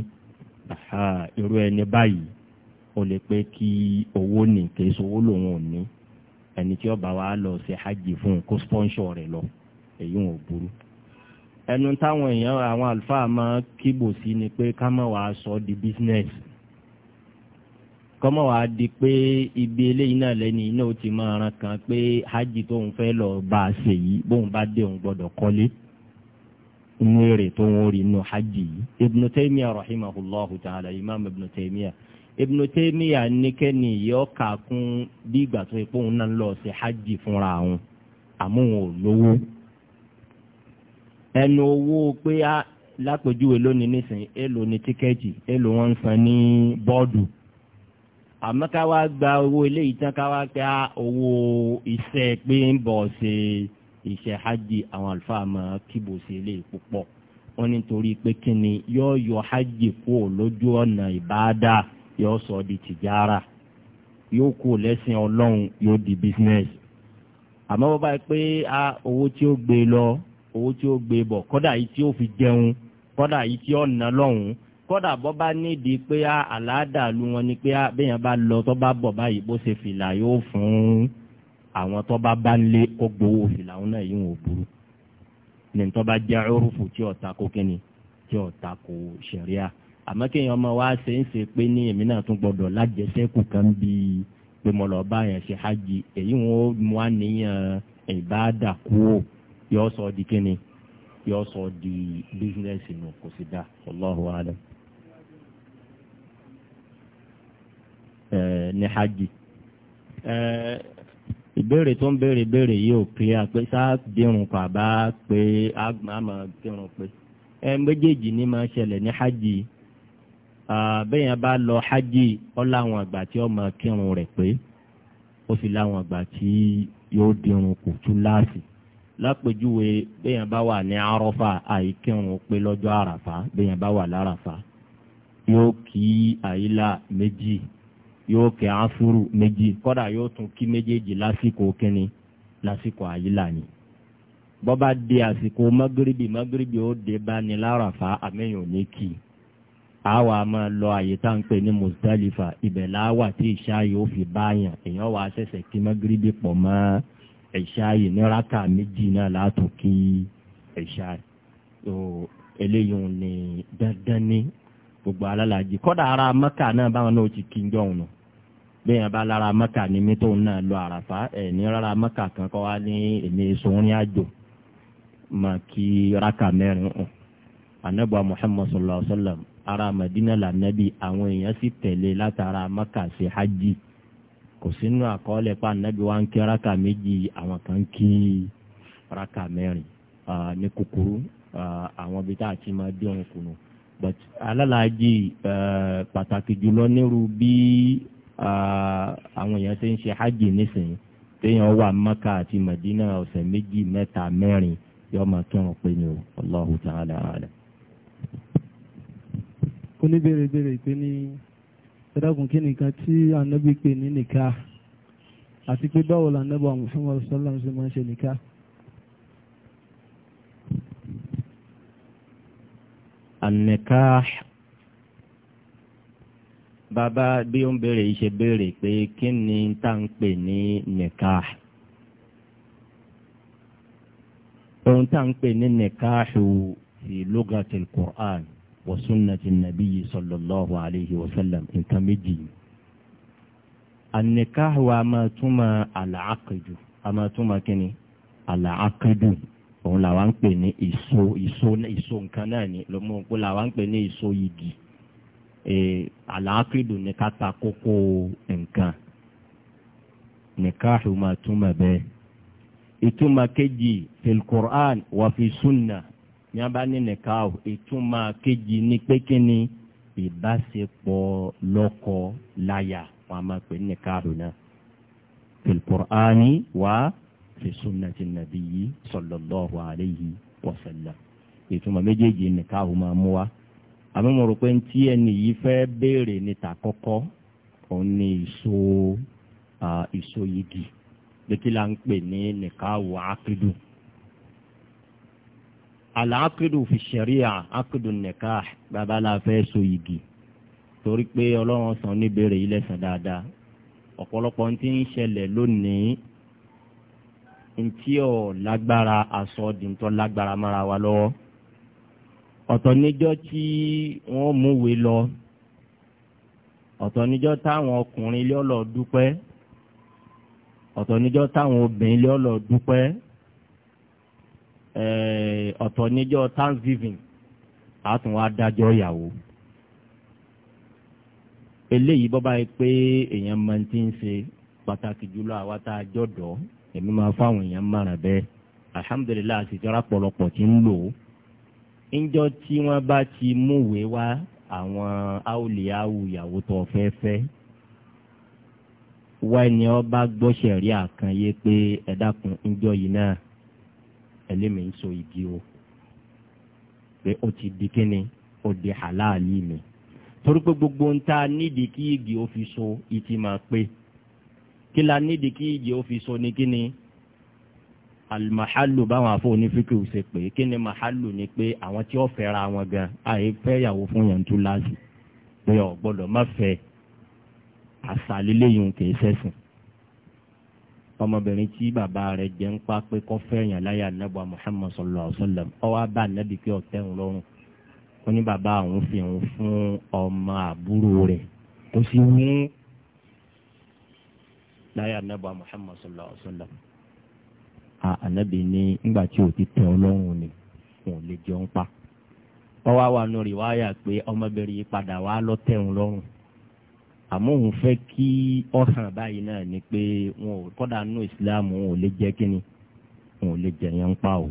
irú ẹni báyìí ó lè pé kí owó ní kìí sowó lòun ò ní ẹni tí ó bá wa lọ ṣe hajj fún kó spọ́nṣọ̀ rẹ̀ lọ èyí ò burú ẹnu táwọn èèyàn àwọn àlùfáà máa kíbò sí ni pé ká má wàá sọ di business kọ́mọ̀ wá di pé ibi eléyìí náà lẹ́ni iná ó ti máa ran kan pé hajj tóun fẹ́ lọ bá a ṣe yìí bóun bá dé òun gbọ́dọ̀ kọ́lé inú èrè tó ń rí inú hajj yìí ibnu taymiya rahimahullahu ta'ala imam ibnu taymiya ibnu taymiya nìkẹ́ni yóò kà kún bí ìgbà tó yẹ pé òun náà lọ ṣe hajj fúnra òun àmóhun ò lówó ẹnu owó pé lápèjúwe lónìí nísìnyí èlò ní tíkẹ́ẹ̀tì èlò wọn ń san ní bọ́ọ̀dù àmọ́ ká wá gba owó eléyìí tán ká wá gba owó iṣẹ́ pé ń bọ̀ ṣe iṣẹ́ hajj àwọn àlùfáà mọ́ kíbo ṣe eléyìí púpọ̀ wọ́n nítorí pé kíni yóò yọ hajj kó lójú ọ̀nà ìbáadá yóò sọ di tìjára yóò kó lẹ́sìn ọlọ́run yóò di business àmọ́ bọ́ báyìí pé owó tí ó gbé lọ owó tí ó gbé bọ̀ kọ́dà yìí tí ó fi jẹun kọ́dà yìí tí ó nà lọ́hùn-ún kódà bọ́ bá nídìí pé àládàlú wọn ni pé béèyàn bá lọ tó bá bọ̀ báyìí bó ṣe fìlà yóò fún àwọn tó bá bá ń lé kó gbowó fìlà òun náà yìí wọn ò burú ní tó bá jẹ́ orúfù tí ọ̀tá kó kíni tí ọ̀tá kó ṣẹ̀ríà àmọ́ kéèyàn ọmọ wa ṣe ń ṣe pé ní èmi náà tún gbọdọ̀ lájẹsẹ́kù kan bíi pé mo lọ bá yẹn ṣe hajj èyí wọn ó mú àníyàn ìbáàdà kúrò yóò sọ di kíni yóò sọ di bísíǹnẹsì nù kò sí dáa Allahu alam. Eh, ní hajj eh, ìbéèrè tó ń béèrè béèrè yìí ò clear pé sáà dírun kò àbá pé àmọ́ dírun pé ẹ eh, méjèèjì ní máa ṣẹlẹ̀ ní hajj ah, bẹ́ẹ̀ yẹn bá lọ hajj ó láwọn àgbà tí ó máa kírun rẹ̀ pé ó sì láwọn àgbà tí yóò dírun kù tún láàsì lápèjúwe bẹ́ẹ̀ bá wà ní arọ́fà àìkírun pé lọ́jọ́ àràfà bẹ́ẹ̀ bá wà láràfà yóò kí àyílà méjì yóò kẹ́ afuru méjì kọ́dà yóò tún kí méjèèjì lásìkò kínní lásìkò àyílà ni bọ́ba di àsìkò mọ́gíríbì mọ́gíríbì ó dé bá ní láràfà àmẹ́yìn ò ní kì í àwa máa lọ àyè tá à ń pè ní Muzdalifa ibẹ̀ láwà tí ìṣáàyè ó fi báyàn èèyàn wàá ṣẹ̀ṣẹ̀ kí mọ́gíríbì pọ̀ mọ́ ìṣáàyè ní rákà méjì náà látò kí ìṣáàyè eléyìí ni dandan ní gbogbo alálàájì kọ́dà ara mẹ́kà náà báwọn náà ti kí n jọ̀hún nù bí yẹn bá lára mẹ́kà ní mí tóun náà lọ àràfá ẹ̀ ní rárá mẹ́kà kan wá ní èmi sòrin àjò mà kí rákà mẹ́rin hàn anábọ̀ muhammad sallallahu alayhi wa sallam ara madina lànàbí àwọn èèyàn sì tẹ̀lé látara mẹ́kà sí hajj kò sínú àkọọ́lẹ̀ pa nabi wa ń kí rákà méjì àwọn kan kí rákà mẹ́rin ní kúkúrú àwọn ibi tá a ti máa dé òun kùnú but alálàájì pàtàkì jùlọ nírú bí àwọn èèyàn ti ń ṣe hajj nísìnyí téèyàn wà maka àti madina ọ̀sẹ̀ méjì mẹ́ta mẹ́rin yóò máa kírun pé ni o ọlọ́hu ta'ala àlẹ́. oníbèrè bèrè pé ní ṣẹ́dọ̀kùn kí nìkan tí ànábì pè ní nìka àti pé báwo làǹdàbọ̀ àmọ̀fẹ́mọ̀ sọ́lá ń ṣe máa ń ṣe nìka. annikah bàbá bí ó ń béèrè yìí ṣe béèrè pé kí ni tá ń pè ní nikah ohun tá ń pè ní nikahu fi lugati al-Qur'an wa sunnati nabiyyi sallallahu alayhi wa sallam nǹkan méjì annikahu a máa túmọ̀ al a máa túmọ̀ kí ni al òun làwa ń pè ní ìso ìso ìso nǹkan náà ni lọ́mọ òkú làwa ń pè ní ìso igi àlàáfíìdù ní ká ta kókó nǹkan nìkan àṣùmọ̀ àtúmọ̀ bẹ́ẹ̀. ìtumọ̀ kejì fil Qur'an wà fi sunna ní a bá ní nìkan ò ìtumọ̀ kejì ní pé ni ìbáṣepọ̀ lọ́kọ láya wọn a máa pè ní nìkan àṣùmọ̀ fil Qur'ani wà. Wa fi sunnati nabiyyi sallallahu alayhi wa sallam ìtumọ̀ méjèèjì nìka ò máa mú wa àmọ́ mo rò pé tí ẹnì yìí fẹ́ béèrè níta kọ́kọ́ òun ni ìso ìso igi gbẹ́kí la ń pè ní nìka wò àlà ákídù fi ṣẹ̀ríà ákídù nìka bàbá fẹ́ so igi torí pé ọlọ́run san níbèrè ilẹ̀ sàn dáadáa ọ̀pọ̀lọpọ̀ ti ń ṣẹlẹ̀ lónìí ntí ọ̀ lágbára aṣọ dìntọ́ lágbára mara wa lọ́wọ́ ọ̀tọ̀ níjọ́ tí wọ́n múwe lọ ọ̀tọ̀ níjọ́ táwọn ọkùnrin ilé ọlọ́ dúpẹ́ ọ̀tọ̀ níjọ́ táwọn obìnrin ilé ọlọ́ dúpẹ́ eh, ọ̀tọ̀ níjọ́ thanksgiving àtún wá dájọ́ ìyàwó eléyìí bọ́ báyìí pé èèyàn máa ti ń ṣe pàtàkì jùlọ àwa tá a jọ̀dọ̀ èmi máa fáwọn èèyàn mara bẹ́ẹ̀ alhamdulilayi àti ìjọra pọ̀lọpọ̀ ti ń lò ó ńjọ tí wọ́n bá ti múwèé wá àwọn aolèáwù ìyàwó tó fẹ́ fẹ́ wá ẹni ọba gbọ́sẹ̀ rí àkànyé pé ẹ dákun ńjọ yìí náà ẹlẹ́mìí ń so igi o pé ó ti di kíni ó di àláàlì mi torí pé gbogbo ń ta nídìí kí igi ó fi so ìtì máa pé kí la nídi kí ìjẹ́ ó fi so ní kí ni alimahalu báwọn afọ onífíkì ṣe pé kí ni mahalu ni pé àwọn tí ó fẹ́ra wọn gan àyè fẹ́yàwó fún yẹn tún láàzì pé ọ̀ gbọ́dọ̀ má fẹ́ àṣàlélẹ́yìn kì í sẹ́sìn ọmọbìnrin tí bàbá rẹ̀ jẹ́ ń pa pé kọ́ fẹ́yàn láyà nẹ́bà Muhammad sallallahu alaihi wasallam ọwọ́ abá nẹ́bí kí ọ̀tẹ́hùn lọ́rùn ó ní bàbá àwọn fi hàn fún ọmọ àbúrò rẹ̀ tó sì ń láyé anábà muhammad sallallahu alaihi wa sallam anabi ní ngbà tí o ti tẹ ọlọ́run ni wọn ò lè jẹun pa wọ́n wá wà lórí wáyà pé ọmọbìnrin yìí padà wá lọ́tẹ̀hún lọ́rùn àmọ́ òun fẹ́ kí ọ̀sán báyìí náà ni pé wọn ò kọ́dà nù islam wọn ò lè jẹ́ kínni wọn ò lè jẹ̀yàn pa o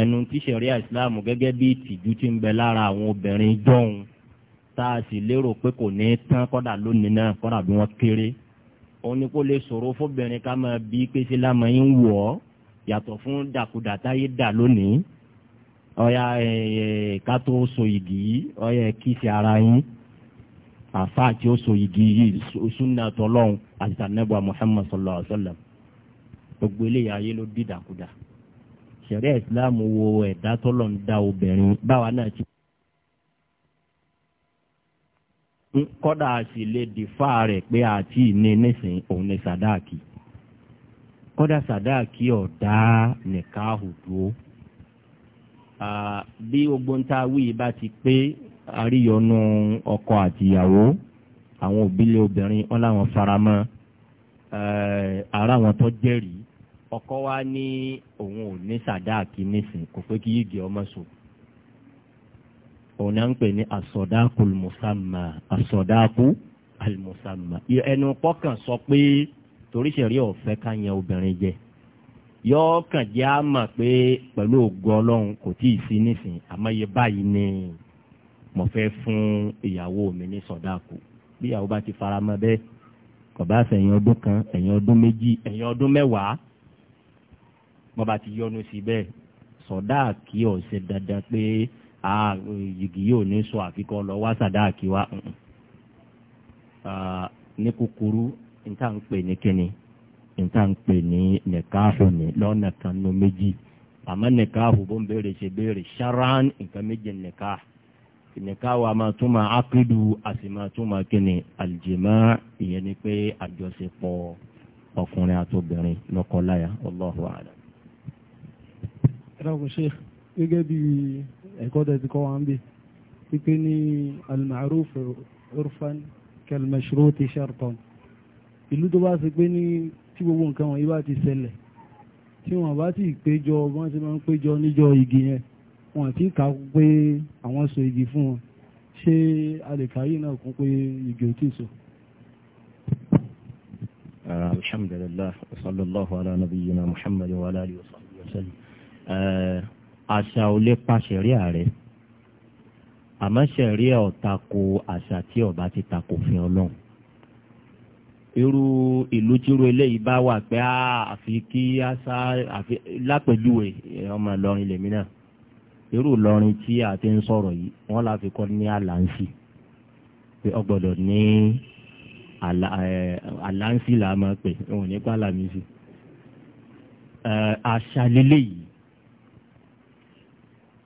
ẹnu tí sẹ̀ríà islam gẹ́gẹ́ bí ìtìjú ti ń bẹ lára àwọn obìnrin jọ̀hún tá a sì lérò pé kò ní tán kọ́dà lónìí náà kọ́dà bí wọ́n kéré òun ni kó lè sọ̀rọ̀ fóbìnrin ká máa bí pé sí lámọ̀yìn wù ọ́ yàtọ̀ fún dàkúdà táyé dà lónìí ọ̀yà ká tó so ìdí yìí ọ̀yà kí sí ara yín àfa àti ó so ìdí yìí sunna tọlọ́hún àti tànẹ́bù Muhammad sallallahu gbogbo eléyà ayé ló bí dàkúdà sẹ̀rẹ́ ìsìláàmù wo ẹ̀dá tọ́lọ̀ da obìnrin báwa náà ti. kọ́dà sì lè dìfà rẹ̀ pé àti ní nísìn òun ní sàdáàkì kọ́dà sàdáàkì ọ̀dá nìka àhùdó bí gbogbo ń ta wí bá ti pé àríyọnu ọkọ àtìyàwó àwọn òbílé obìnrin wọn làwọn faramọ́ ara wọn tó jẹ́rìí ọkọ wa ní òun ò ní sàdáàkì nísìn kò pé kí yígi ọmọ sùn. So òun náà ń pè ní asọ̀dáàkù almusamma asọ̀dáàkù almusamma ẹnu pọ́kàn sọ pé torí ṣẹ̀rí ọ̀fẹ́ ká yan obìnrin jẹ yọ kàn jẹ́ á mọ̀ pé pẹ̀lú ògo ọlọ́run kò tí ì sí nísìn àmọ́ iye báyìí ni mo fẹ́ fún ìyàwó mi ní sọ̀dáàkù bí ìyàwó bá ti fara mọ́ bẹ́ẹ̀ kọ̀bá sẹ̀yìn ọdún kan ẹ̀yìn ọdún méjì ẹ̀yìn ọdún mẹ́wàá bọ́ba ti yọnu sí bẹ́ẹ̀ sọ̀dáàkì ó dandan pé yìgì yóò ní sọ àfikọ́ lọ wá sàdáàkì wa ní kúkúrú níta ń pè ní kíni níta ń pè ní nìkáàfù ní lọ́nà kan nu méjì àmọ́ nìkáàfù bó ń béèrè ṣe béèrè ṣáràn nǹkan méjì nìkáàfù nìkáàfù a máa tún máa ákídù a sì máa tún máa kíni àlìjìmá ìyẹn ni pé àjọṣepọ̀ ọkùnrin àtobìnrin lọ́kọ láya Allahu a'lam. ẹ dákun ṣe é gẹ́gẹ́ bí ẹ̀kọ́ tẹ̀ ti kọ́ wa ń bè pípé ní al-ma'ruf urfan kal-mashruti shartan ìlú tó bá ṣe pé ní tí gbogbo nǹkan wọ̀nyí bá ti ṣẹlẹ̀ tí wọ́n bá ti péjọ wọ́n ti máa ń péjọ níjọ igi yẹn wọ́n ti kà pé àwọn so igi fún wọn ṣé alẹ́kàáyé náà kún pé igi ò tí so. Uh, alhamdulillah wa sallallahu ala nabiyyina muhammad wa alihi wa sallam. Uh, àṣà ò lè pa ṣẹ̀ríà rẹ̀ àmọ́ ṣẹ̀ríà ò tako àṣà tí ọba ti tako fi ọlọ́run irú ìlú tíru eléyìí bá wà pé àfi kí àṣà àfi lápẹjúwe ọmọ ìlọrin lèmi náà irú ìlọrin tí a ti ń sọ̀rọ̀ yìí wọ́n láfi kọ́ ní àlàǹsì pé ọ ní àlàǹsì là máa pè òun ní pàlàmì àṣà lélẹ́yìí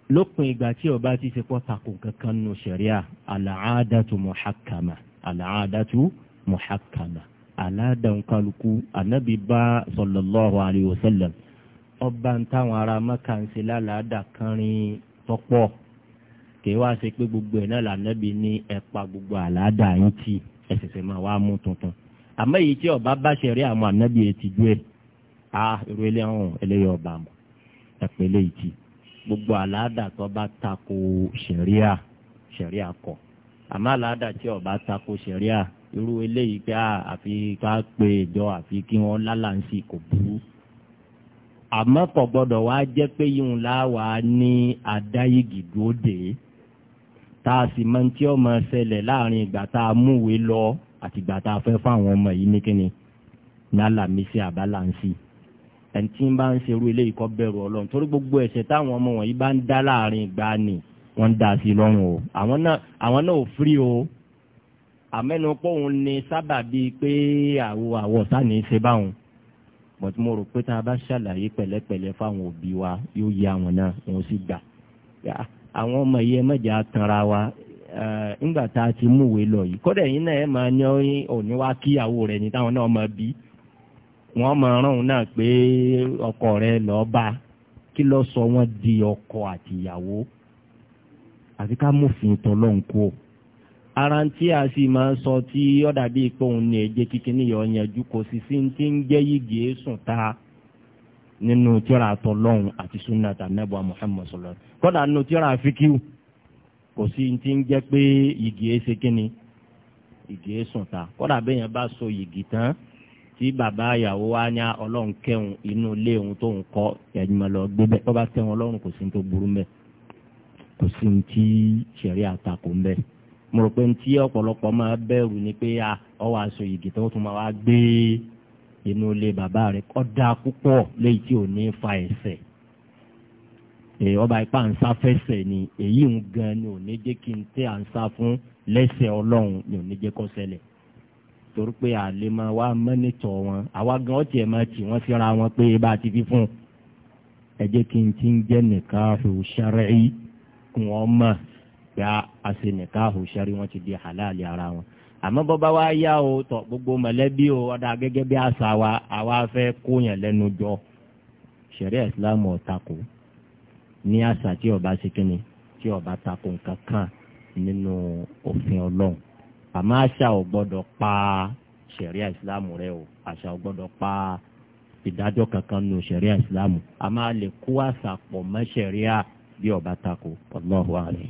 lópin ìgbà tí ó bá ti ṣe pọ́ takò kankan nù ṣẹ̀ríà àlàádàtú muhakkama àlàádàtú muhakkama àlàádàn kálukú ànábì bá sallallahu alayhi wa sallam ọba ń táwọn ará mẹ́ka ń ṣe lálàádà kánrin tọ́pọ̀ kìí wá ṣe pé gbogbo ẹ̀ náà lànàbì ní ẹ̀pa gbogbo àlàádà yín tì ẹ̀sẹ̀sẹ̀ máa wá mú tuntun àmọ́ èyí tí ọba bá ṣẹ̀ríà àmọ́ ànábì ètìjú ẹ̀ á ìrọ̀lẹ́ ọ̀hún ẹlẹ́yọ̀ ọba àmọ́ ẹ̀pẹ̀lẹ́ ìtì gbogbo àlàáda tó bá tako ṣẹ̀ríà ṣẹ̀ríà kọ̀ àmọ́ àlàáda tí ó bá tako ṣẹ̀ríà irú eléyìí pé ah, àfi ká pé ìjọ àfi kí wọ́n lálàǹsì kò burú àmọ́ kò gbọ́dọ̀ wá jẹ́ pé yíyún láwa ní adáyégi dúró dé tá a sì máa ń tí ọmọ ṣẹlẹ̀ láàrin ìgbà tá a múwèé lọ àti ìgbà tá a fẹ́ fáwọn ọmọ yìí ní kíni ní alàmísí àbálàǹsì ẹni tí ń bá ń ṣerú ilé ìkọ́ bẹ̀rù ọlọ́run torí gbogbo ẹ̀ṣẹ̀ táwọn ọmọ wọ̀nyí bá ń dá láàrin ìgbà ni wọ́n ń dá sí lọ́rùn o àwọn náà àwọn náà ò fírí o àmẹ́nu pọ́hùn ni sábà bíi pé àwo àwọ̀ sáni ṣe báwọn bọ̀tí mo rò pé tá a bá ṣàlàyé pẹ̀lẹ́pẹ̀lẹ́ fáwọn òbí wa yóò yé àwọn náà wọn sì gbà àwọn ọmọ yìí ẹ mẹ́jẹ̀ á tanra wa ńgbà tá a ti múwèé lọ yìí kọ́dà yín náà ẹ máa ní òní wá kíyàwó rẹ̀ ní táwọn náà máa bí wọ́n máa rán òun náà pé ọkọ rẹ̀ lọ́ọ́ bá kí ló sọ wọ́n di ọkọ àtìyàwó àti ká mòfin tọ́lọ́hún kú o. ara ń tí a sì máa ń sọ tí ọ̀dà bíi pé òun ní èjé kíkíní yọ yanjú kò sì sí ti ń jẹ́ yígi èésùn ta nínú tíra tọ́lọ́hún àti sunnata nebo muhammed sọlọ kọ́dà nínú tíra fíkíw kò sí ti ń jẹ́ pé yígi èésè kíni yígi èésùn ta kọ́dà bẹ́ẹ̀ yẹn bá so yígi tán tí bàbá ìyàwó wa ní ọlọ́run kẹ́hùn inú ilé òun tó ń kọ́ ẹ̀jùmọ̀ lọ gbé bẹ́ẹ̀ bọ́bá tẹ́hùn ọlọ́run kò sí ní tó burú mẹ́ kò sí ní tí ṣẹ̀rí àtakò ń bẹ́ mo rò pé tí ọ̀pọ̀lọpọ̀ máa bẹ̀rù ni pé ah, ọwọ́ aṣọ ìgì tó tún máa wá gbé inú ilé bàbá rẹ̀ kọ́ da púpọ̀ léyìí tí ò ní fa ẹ̀sẹ̀ ọba ipá ń fẹsẹ̀ ni èyí ń gan ni ò ní jẹ́ kí n tẹ́ à fún lẹ́sẹ̀ ọlọ́run ni ò ní jẹ́ kó ṣẹlẹ̀ torí pé àlè máa wá mọ́nítọ̀ wọn àwa gan ọ̀tí ẹ̀ máa tì wọ́n síra wọn pé bá a ti fi fún un. ẹ jẹ́ kí n ti ń jẹ́ nìkaahù ṣẹ́rẹ́ì kún wọn mọ̀ pé a ṣe nìkaahù ṣẹ́rẹ́ì wọ́n ti di halali ara wọn. àmọ́ bọ́bá wa yá o tọ̀ gbogbo mọ̀lẹ́bí o ọ̀dà gẹ́gẹ́ bí àṣà wa àwa fẹ́ kóyàn lẹ́nu jọ ṣẹ̀rẹ́ ìsìlámù ọ̀tako ní àṣà tí ọba ṣe kíni tí ọba tako nǹkan kan nínú òfin ọlọ́run àmọ́ àṣà ò gbọ́dọ̀ pa sẹ̀ríà ìsìlámù rẹ o àṣà ò gbọ́dọ̀ pa ìdájọ́ kankan nù sẹ̀ríà ìsìlámù àmọ́ a lè kó àṣà pọ̀ mọ́ sẹ̀ríà bí ọba tako ọlọ́run àrẹ.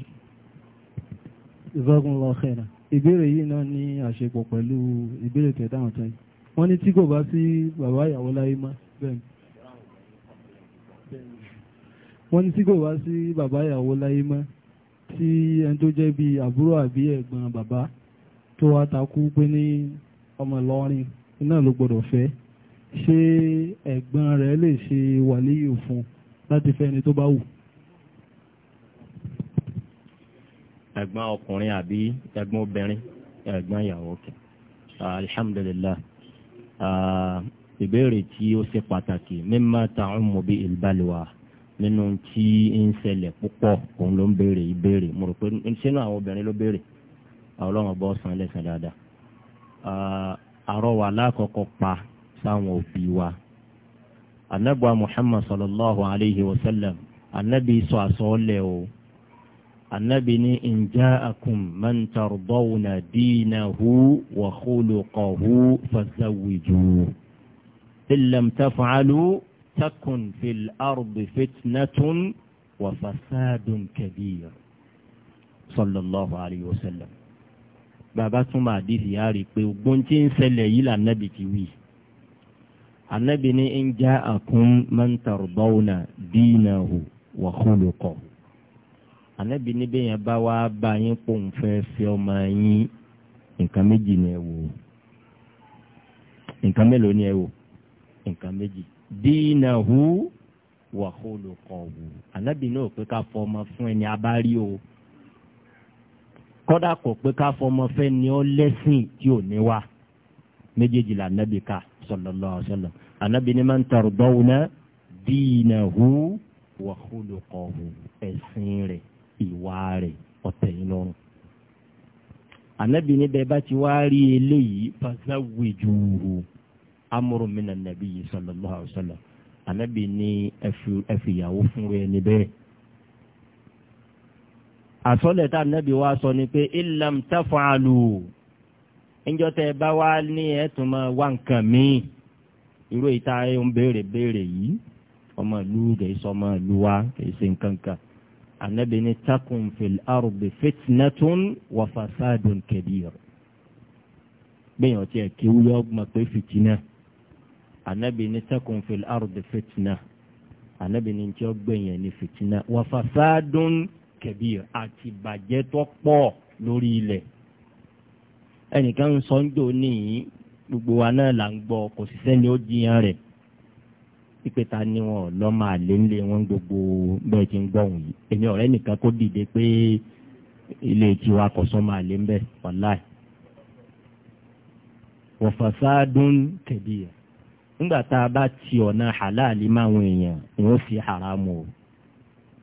ìzọ́gun lọ xẹ́ra ìbéèrè yìí náà ní àṣepọ̀ pẹ̀lú ìbéèrè tẹ̀dá ọ̀tá yìí wọ́n ní tí kò bá sí bàbá ìyàwó láyé má bẹ́ẹ̀ wọ́n ní tí kò bá sí bàbá ìyàwó láyé má tí ẹni tó jẹ́ bíi àbúrò àbí ẹ̀gbọ́n bàbá tó wá takú pé ní ọmọ Ìlọrin iná ló gbọdọ̀ fẹ́ ṣé ẹ̀gbọ́n rẹ̀ lè ṣe wàlíyù fún láti fẹ́ ẹni tó bá wù. ẹ̀gbọ́n ọkùnrin àbí ẹ̀gbọ́n obìnrin ẹ̀gbọ́n ìyàwó kẹ̀ ah, alhamdulillah ah, ìbéèrè tí ó ṣe pàtàkì mímọ táwọn mọ bí ìbálùwà nínú tí ń ṣẹlẹ̀ púpọ̀ òun ló ń béèrè ìbéèrè mo rò pé sínú àwọn obìnrin ló béèrè ọlọ́run ọba ọ̀sán lẹ́sàn dáadáa àrọwà lákọ̀ọ́kọ́ pa sáwọn òbí wa anabuwa muhammad sallallahu alayhi wa sallam anabi sọ àsọọ́lẹ̀ o anabi ní in ja'akum man tardawna dinahu wa khuluqahu fazawwijuhu illam taf'alu takun fil ardi fitnatun wa fasadun kabir sallallahu alayhi wa sallam bàbá túmọ̀ àdìsí yá rí i pé ogun tí ń ṣẹlẹ̀ yìí là nábì ti wí. ànábì ní ń já àkún mọ́ntàrúbọ́ọ̀nà dínàhù wà kúlùkọ̀. ànábì ní bẹ́ẹ̀ yẹn bá wá bá yín pò ń fẹ́ fẹ́ ọmọ yín nǹkan méjì ni ẹ wò nǹkan mélòó ni ẹ wò nǹkan méjì dínàhù wà kúlùkọ̀ wò. ànábì náà pé ká fọ ọmọ fún ẹni abárí o kọ́dà kò pé ká fọmọ fẹ́ ni ó lẹ́sìn tí ò ní wá méjèèjì là nàbì ká sallallahu alaihi wasallam ànàbì ni man tardawna dinahu wa khuluqahu ẹ̀sìn rẹ̀ ìwà rẹ̀ ọ̀tẹ̀ yìí lọ́rùn. ànàbì ni bẹ́ẹ̀ bá ti wá rí eléyìí fazawwijuhu amru minan nabiyyi sallallahu alaihi wasallam ànàbì ni ẹ fún rẹ̀ níbẹ̀ àsọ́lẹ̀ tá nẹ́bí wá sọ ni pé ilam tafalu níjọ́ tẹ́ bá wá ní ẹ̀tún máa wá nǹkan míì irú ìta ń béèrè béèrè yìí ọmọ ìlú kìí sọmọ ìlú wa kìí ṣe nǹkan kan ànẹ́bí ni takun fil arbi fitnatun wa fasadun kabir bẹ́ẹ̀ ọtí ẹ̀ kí wúyọ́ gbọ́n pé fìtínà ànẹ́bí ni takun fil arbi fitna ànẹ́bí ni tí ó gbẹ̀yìn ní fìtínà wa fasadun kabir kẹ̀bíir àti bàjẹ́ tó pọ̀ lórí ilẹ̀ ẹnìkan ń sọ ń jò níyì gbogbo wa náà là ń gbọ́ kò sì sẹ́ni ó jiyàn rẹ̀ pípẹ́ta ni wọn lọ́ máa lé ńlé wọn gbogbo bẹ́ẹ̀ ti ń gbọ́ wọ̀nyí èmi ọ̀rẹ́ nìkan kó dìde pé ilé tiwa kọ̀sán máa lé ńbẹ̀ wàláì wọ̀fàsádùn kẹ̀bíir nígbà tá a bá ti ọ̀nà halali máa ń wọ̀nyàn ni ó fi haramu o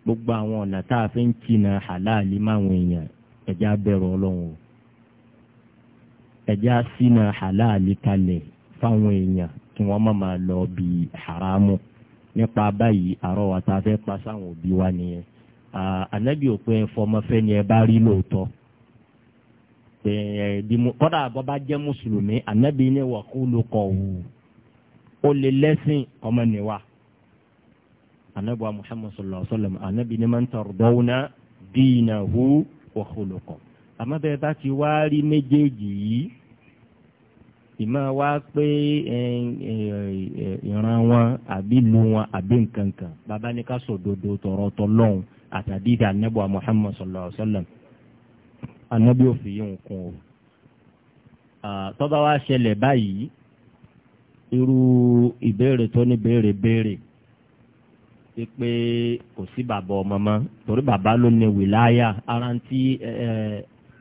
gbogbo àwọn ọ̀nà tá a fi ń kìnà halali máwọn èèyàn ẹ̀já bẹ̀rù ọlọ́run o ẹ̀já sínà halali kalẹ̀ fáwọn èèyàn kí wọ́n má máa lọ bí haramu nípa báyìí àárọ̀ wa tá a fẹ́ pa sáwọn òbí wa nìyẹn ànábì ò pé ni ẹ bá rí lóòótọ́ kọ́dà bọ́ bá jẹ́ mùsùlùmí ànábì ní wọ́n kú ó lè lẹ́sìn ọmọ nìwà anabi wa muhammad sallallahu alaihi wa sallam anabi ni man tardawna dinahu wa khuluqahu àmọ́ bẹ́ẹ̀ bá ti wá rí méjèèjì yìí ìmọ̀ wá pé ìran wọn àbí ìlú wọn àbí nǹkan kan bàbá ní ká sòdodo tọrọ tọlọ́hún àtàdídà anabi wa muhammad sallallahu alaihi wa anabi ò fi yín kún o tọ́ba wa ṣẹlẹ̀ báyìí irú ìbéèrè tó ní béèrè béèrè. sí pé kò sí bàbá ọmọ mọ torí bàbá ló ní wìláyà ara ń tí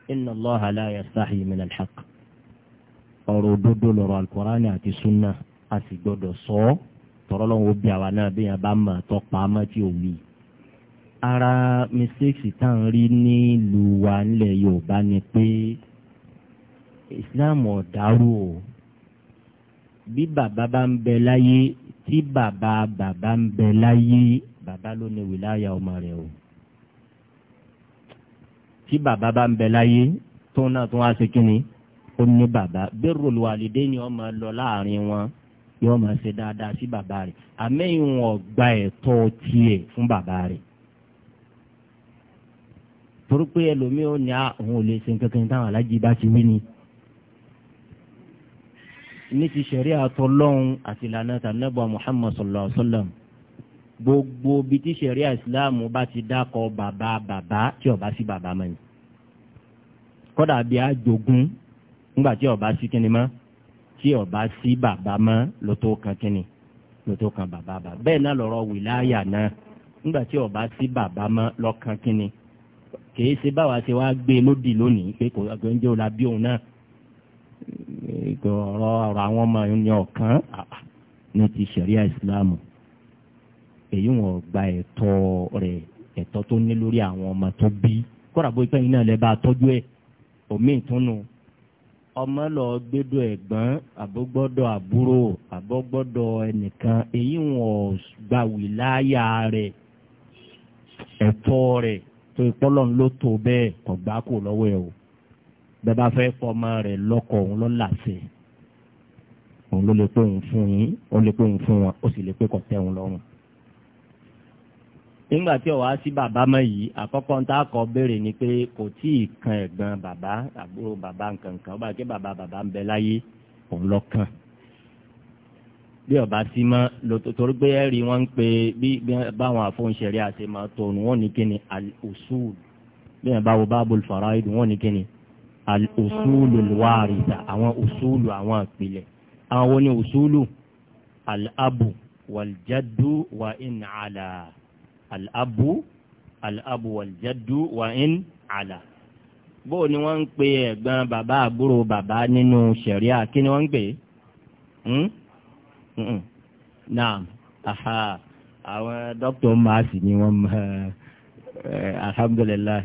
inna Allaha la yastahi min al-haqq ọ̀rọ̀ òdodo lọ̀rọ̀ àti a sì gbọ́dọ̀ sọ ọ́ tọ̀rọ̀ lọ́wọ́ bí àwa náà bí yẹn bá mọ̀ ara mistakes tá à ń rí nílùú wa nílẹ̀ Yorùbá ni pé Islam o bí bàbá bá ń bẹ tí bàbá bàbá ń bẹ láyé bàbá ló ní wìláyà ọmọ rẹ̀ o tí bàbá bá ń bẹ láyé tó náà tó wá sí kínní ó ní bàbá bẹ́rù olùwàlídé ni ọmọ lọ láàrin wọn yóò máa ṣe dáadáa sí bàbá rẹ̀ àmẹ́yìn wọn gba ẹ̀tọ́ tiẹ̀ fún bàbá rẹ̀ torí pé ẹlòmíràn ní àwọn ah, ò lè ṣe nǹkan táwọn alájí bá ti wí ni ní ti ṣẹ̀rí àtọ́lọ́hún àti ìlànà tànàbà Muhammad sallallahu alayhi wa sallam gbogbo bí ti ṣẹ̀rí ìsìláàmù bá ti dákọ̀ bàbá bàbá tí ó bá sí bàbá mọ́ ni kódà bí a jogún nígbà tí ó bá sí kíni mọ́ tí ó bá sí bàbá mọ́ ló tó kan kíni ló tó kan bàbá bàbá bẹ́ẹ̀ náà lọ́rọ̀ wìláyà náà nígbà tí ó sí bàbá mọ́ lọ́kàn kíni kì í ṣe báwa ṣe wá gbé lódì lónìí pé kò ọjọ́ la bí òun náà ọ̀rọ̀ ọ̀rọ̀ àwọn ọmọ yẹn ọ̀kan ah, ní ti sẹ̀ríà ìsìláàmù èyí wọn gba ẹ̀tọ́ rẹ̀ ẹ̀tọ́ tó ní lórí àwọn ọmọ tó bí kọ́ra bó ipẹ́ yìí náà lẹ́ bá a tọ́jú ẹ̀ omi ìtúnu ọmọ lọ gbẹdọ ẹ̀gbọ́n àbọgbọdọ àbúrò àbọgbọdọ ẹnìkan èyí wọn gba wìláyà rẹ̀ ẹ̀tọ́ rẹ̀ tó ìpọlọ ńlọ tó bẹ́ẹ̀ kọgbà kò lọ́wọ́ ẹ o bàbá fẹ́ fọmọ rẹ̀ lọ́kọ òun ló làṣẹ òun ló lè pé òun fún yín ó lè pé òun fún wọn ó sì lè pé kò tẹ́ òun lọ́rùn. nígbà tí ọ̀wá sí bàbá mọ́ yìí àkọ́kọ́ ń tá a kọ́ béèrè ni pé kò tí ì kan ẹ̀gbọ́n bàbá àbúrò bàbá nkankan ó bá ké bàbá bàbá ń bẹ láyé òun lọ bí ọba sí mọ́ torí pé ẹ̀rí wọn ń pe bí báwọn àfọ̀nṣẹ̀rí àti màá tó òun wọ́n faraid wọ́n ní kíni al-usulu al-warisa àwọn usulu àwọn àpilẹ̀ àwọn wo ni usulu al-abu wal-jaddu wa in ala al-abu al-abu wal-jaddu wa in ala bó ni wọ́n ń pe ẹ̀gbọ́n bàbá àbúrò bàbá nínú ṣẹ̀ríà kí ni wọ́n ń pè é hmm? náà aha àwọn dókítà máàsì ni wọ́n mọ̀ eh, alhamdulillah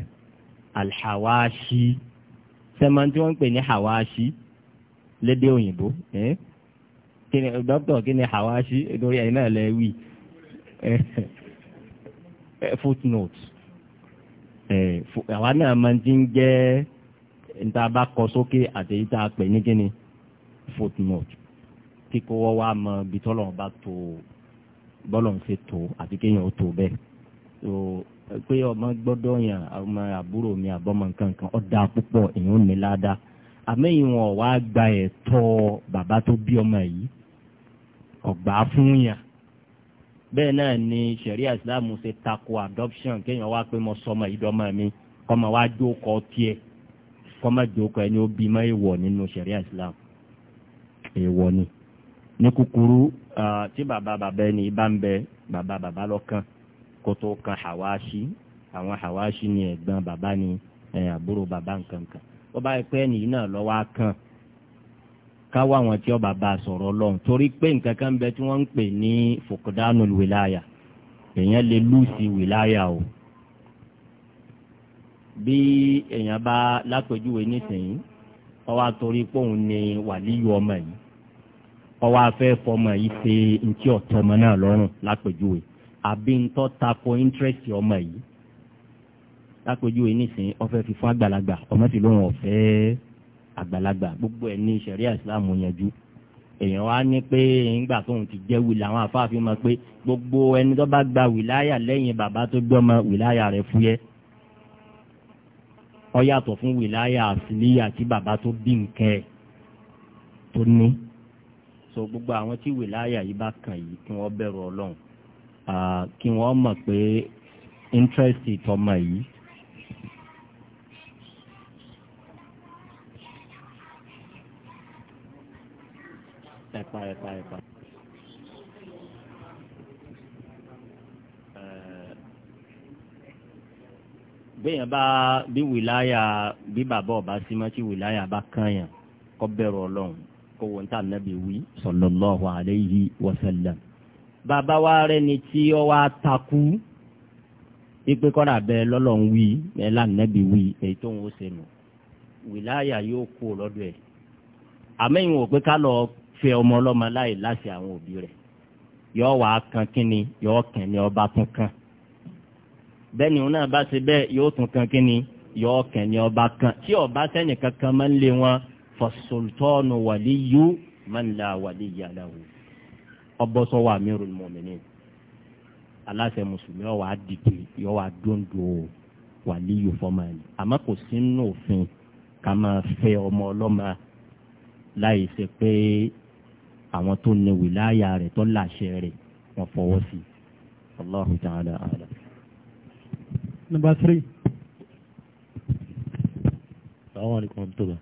alhawashi sẹ́mọ̀n tí wọ́n ń pè ní hawaasi lédè òyìnbó eh? kíni dókítà kíni hawaasi lórí ẹ̀yin náà lẹ eh, eh, footnote àwa náà máa ti ń jẹ́ níta bá kọ sókè àtẹ̀yí pè ní kíni footnote kíkó wọ́n wá mọ ibi tọ́lọ̀ bá tó bọ́lọ̀ ṣe tó àti kéèyàn ó tó bẹ́ẹ̀ pé ọmọ gbọ́dọ̀ yàn ọmọ àbúrò mi àbọ̀mọ nkankan ọ̀dà púpọ̀ èèyàn ní láda àmẹ́yìn wọn wá gba ẹ̀tọ́ bàbá tó bí ọmọ yìí ọ̀gbà fún yàn bẹ́ẹ̀ náà ni sẹ̀ríà ìsìláàmù ṣe tako adoption kéèyàn wá pé mo sọmọ yìí dọ́mọ mi kọ́mọ wá jókòó tiẹ̀ kọ́mọ jókòó ẹni ó bímọ èèwọ̀ nínú sẹ̀ríà ìsìláàmù èèwọ̀ ni ní kúkúrú tí bàbá bàbá ẹni bá ń bẹ bàbá bàbá lọ́kàn kó tó kan hawaasi àwọn hawaasi ni ẹ̀gbọ́n bàbá ni àbúrò bàbá nkankan ó bá pẹ́ nìyí náà lọ́wọ́ á kàn káwá àwọn tí ọba bá sọ̀rọ̀ lọ́hùn torí pé nǹkan kan bẹ tí wọ́n ń pè ní fòkòdánù wìláyà èèyàn lè lùsì wìláyà o bí èèyàn bá lápèjúwe nísìnyí ọwọ́ àtòrí pé òun ni wàlíyù ọmọ yìí ọwọ́ afẹ́ fọmọ yìí ṣe ntí ọ̀tọ́ ọmọ náà lọ́rùn lápèjúwe àbí ntọ́ tako interest ọmọ yìí lápèjúwe nísìnyí ọfẹ́ fi fún àgbàlagbà ọmọ sì lóun ọ̀fẹ́ àgbàlagbà gbogbo ẹ̀ ní sẹ̀ríà ìsìláàmù yanjú èèyàn wá ní pé ńgbà tóun ti jẹ́ wìlà àwọn afáàfin mọ̀ pé gbogbo ẹni tó bá gba wìláyà lẹ́yìn bàbá tó gbọ́mọ wìláyà rẹ̀ fúyẹ́ ọ yàtọ̀ fún wìláyà àsìlíyà tí bàbá tó bí nǹkan ẹ̀ tó ní so gbogbo àwọn tí wìláyà yìí bá kàn yìí kí wọ́n bẹ̀rù ọlọ́run kí wọ́n mọ̀ pé interest tọmọ yìí ẹ̀pà ẹ̀pà ẹ̀pà. béèyàn bá bí wìláyà bí bàbá ọba sí mọ́ tí wìláyà bá kàn yàn kó ọlọ́run kó wọ́n tà nàbí wí sallallahu alayhi wa sallam bàbá wa rẹ ni tí ọ wa takú ipe kọ́ra bẹ́ẹ̀ lọ́lọ́n wí bẹ́ẹ̀ lànàbí wí èyí tó ń wò sẹ́nu wìláyà yóò kú lọ́dọ̀ ẹ̀ àmẹ́yìn wò pé ká lọ fẹ́ ọmọ ọlọ́mọ láì láṣẹ àwọn òbí rẹ̀ yọ wà á kan kínni yọ kàn ní ọba tún kan bẹ́ẹ̀ ni òun náà bá ṣe bẹ́ẹ̀ yóò tún kan kínni yọ kàn ní ọba kan tí ọba sẹ́nìkan kan máa ń lé wọn fọ̀sọ̀tọ́ọ̀nù wàlíyú máa ń la wàlíyàlá wò ọbọ̀sọ̀wọ́ amirul mu'minin aláṣẹ mùsùlùmí ọ̀wà dìde yọ̀wà dòńdò wàlíyù fọ́mà ni àmọ́ kò sínú òfin ká máa fẹ́ ọmọ ọlọ́mọ láì ṣe pé àwọn tó ní wìláyà rẹ̀ tó láṣẹ rẹ̀ wọ́n fọwọ́ sí Allahu ta'ala a'lam. nọmba three. sàwọn àlùkò tó bá.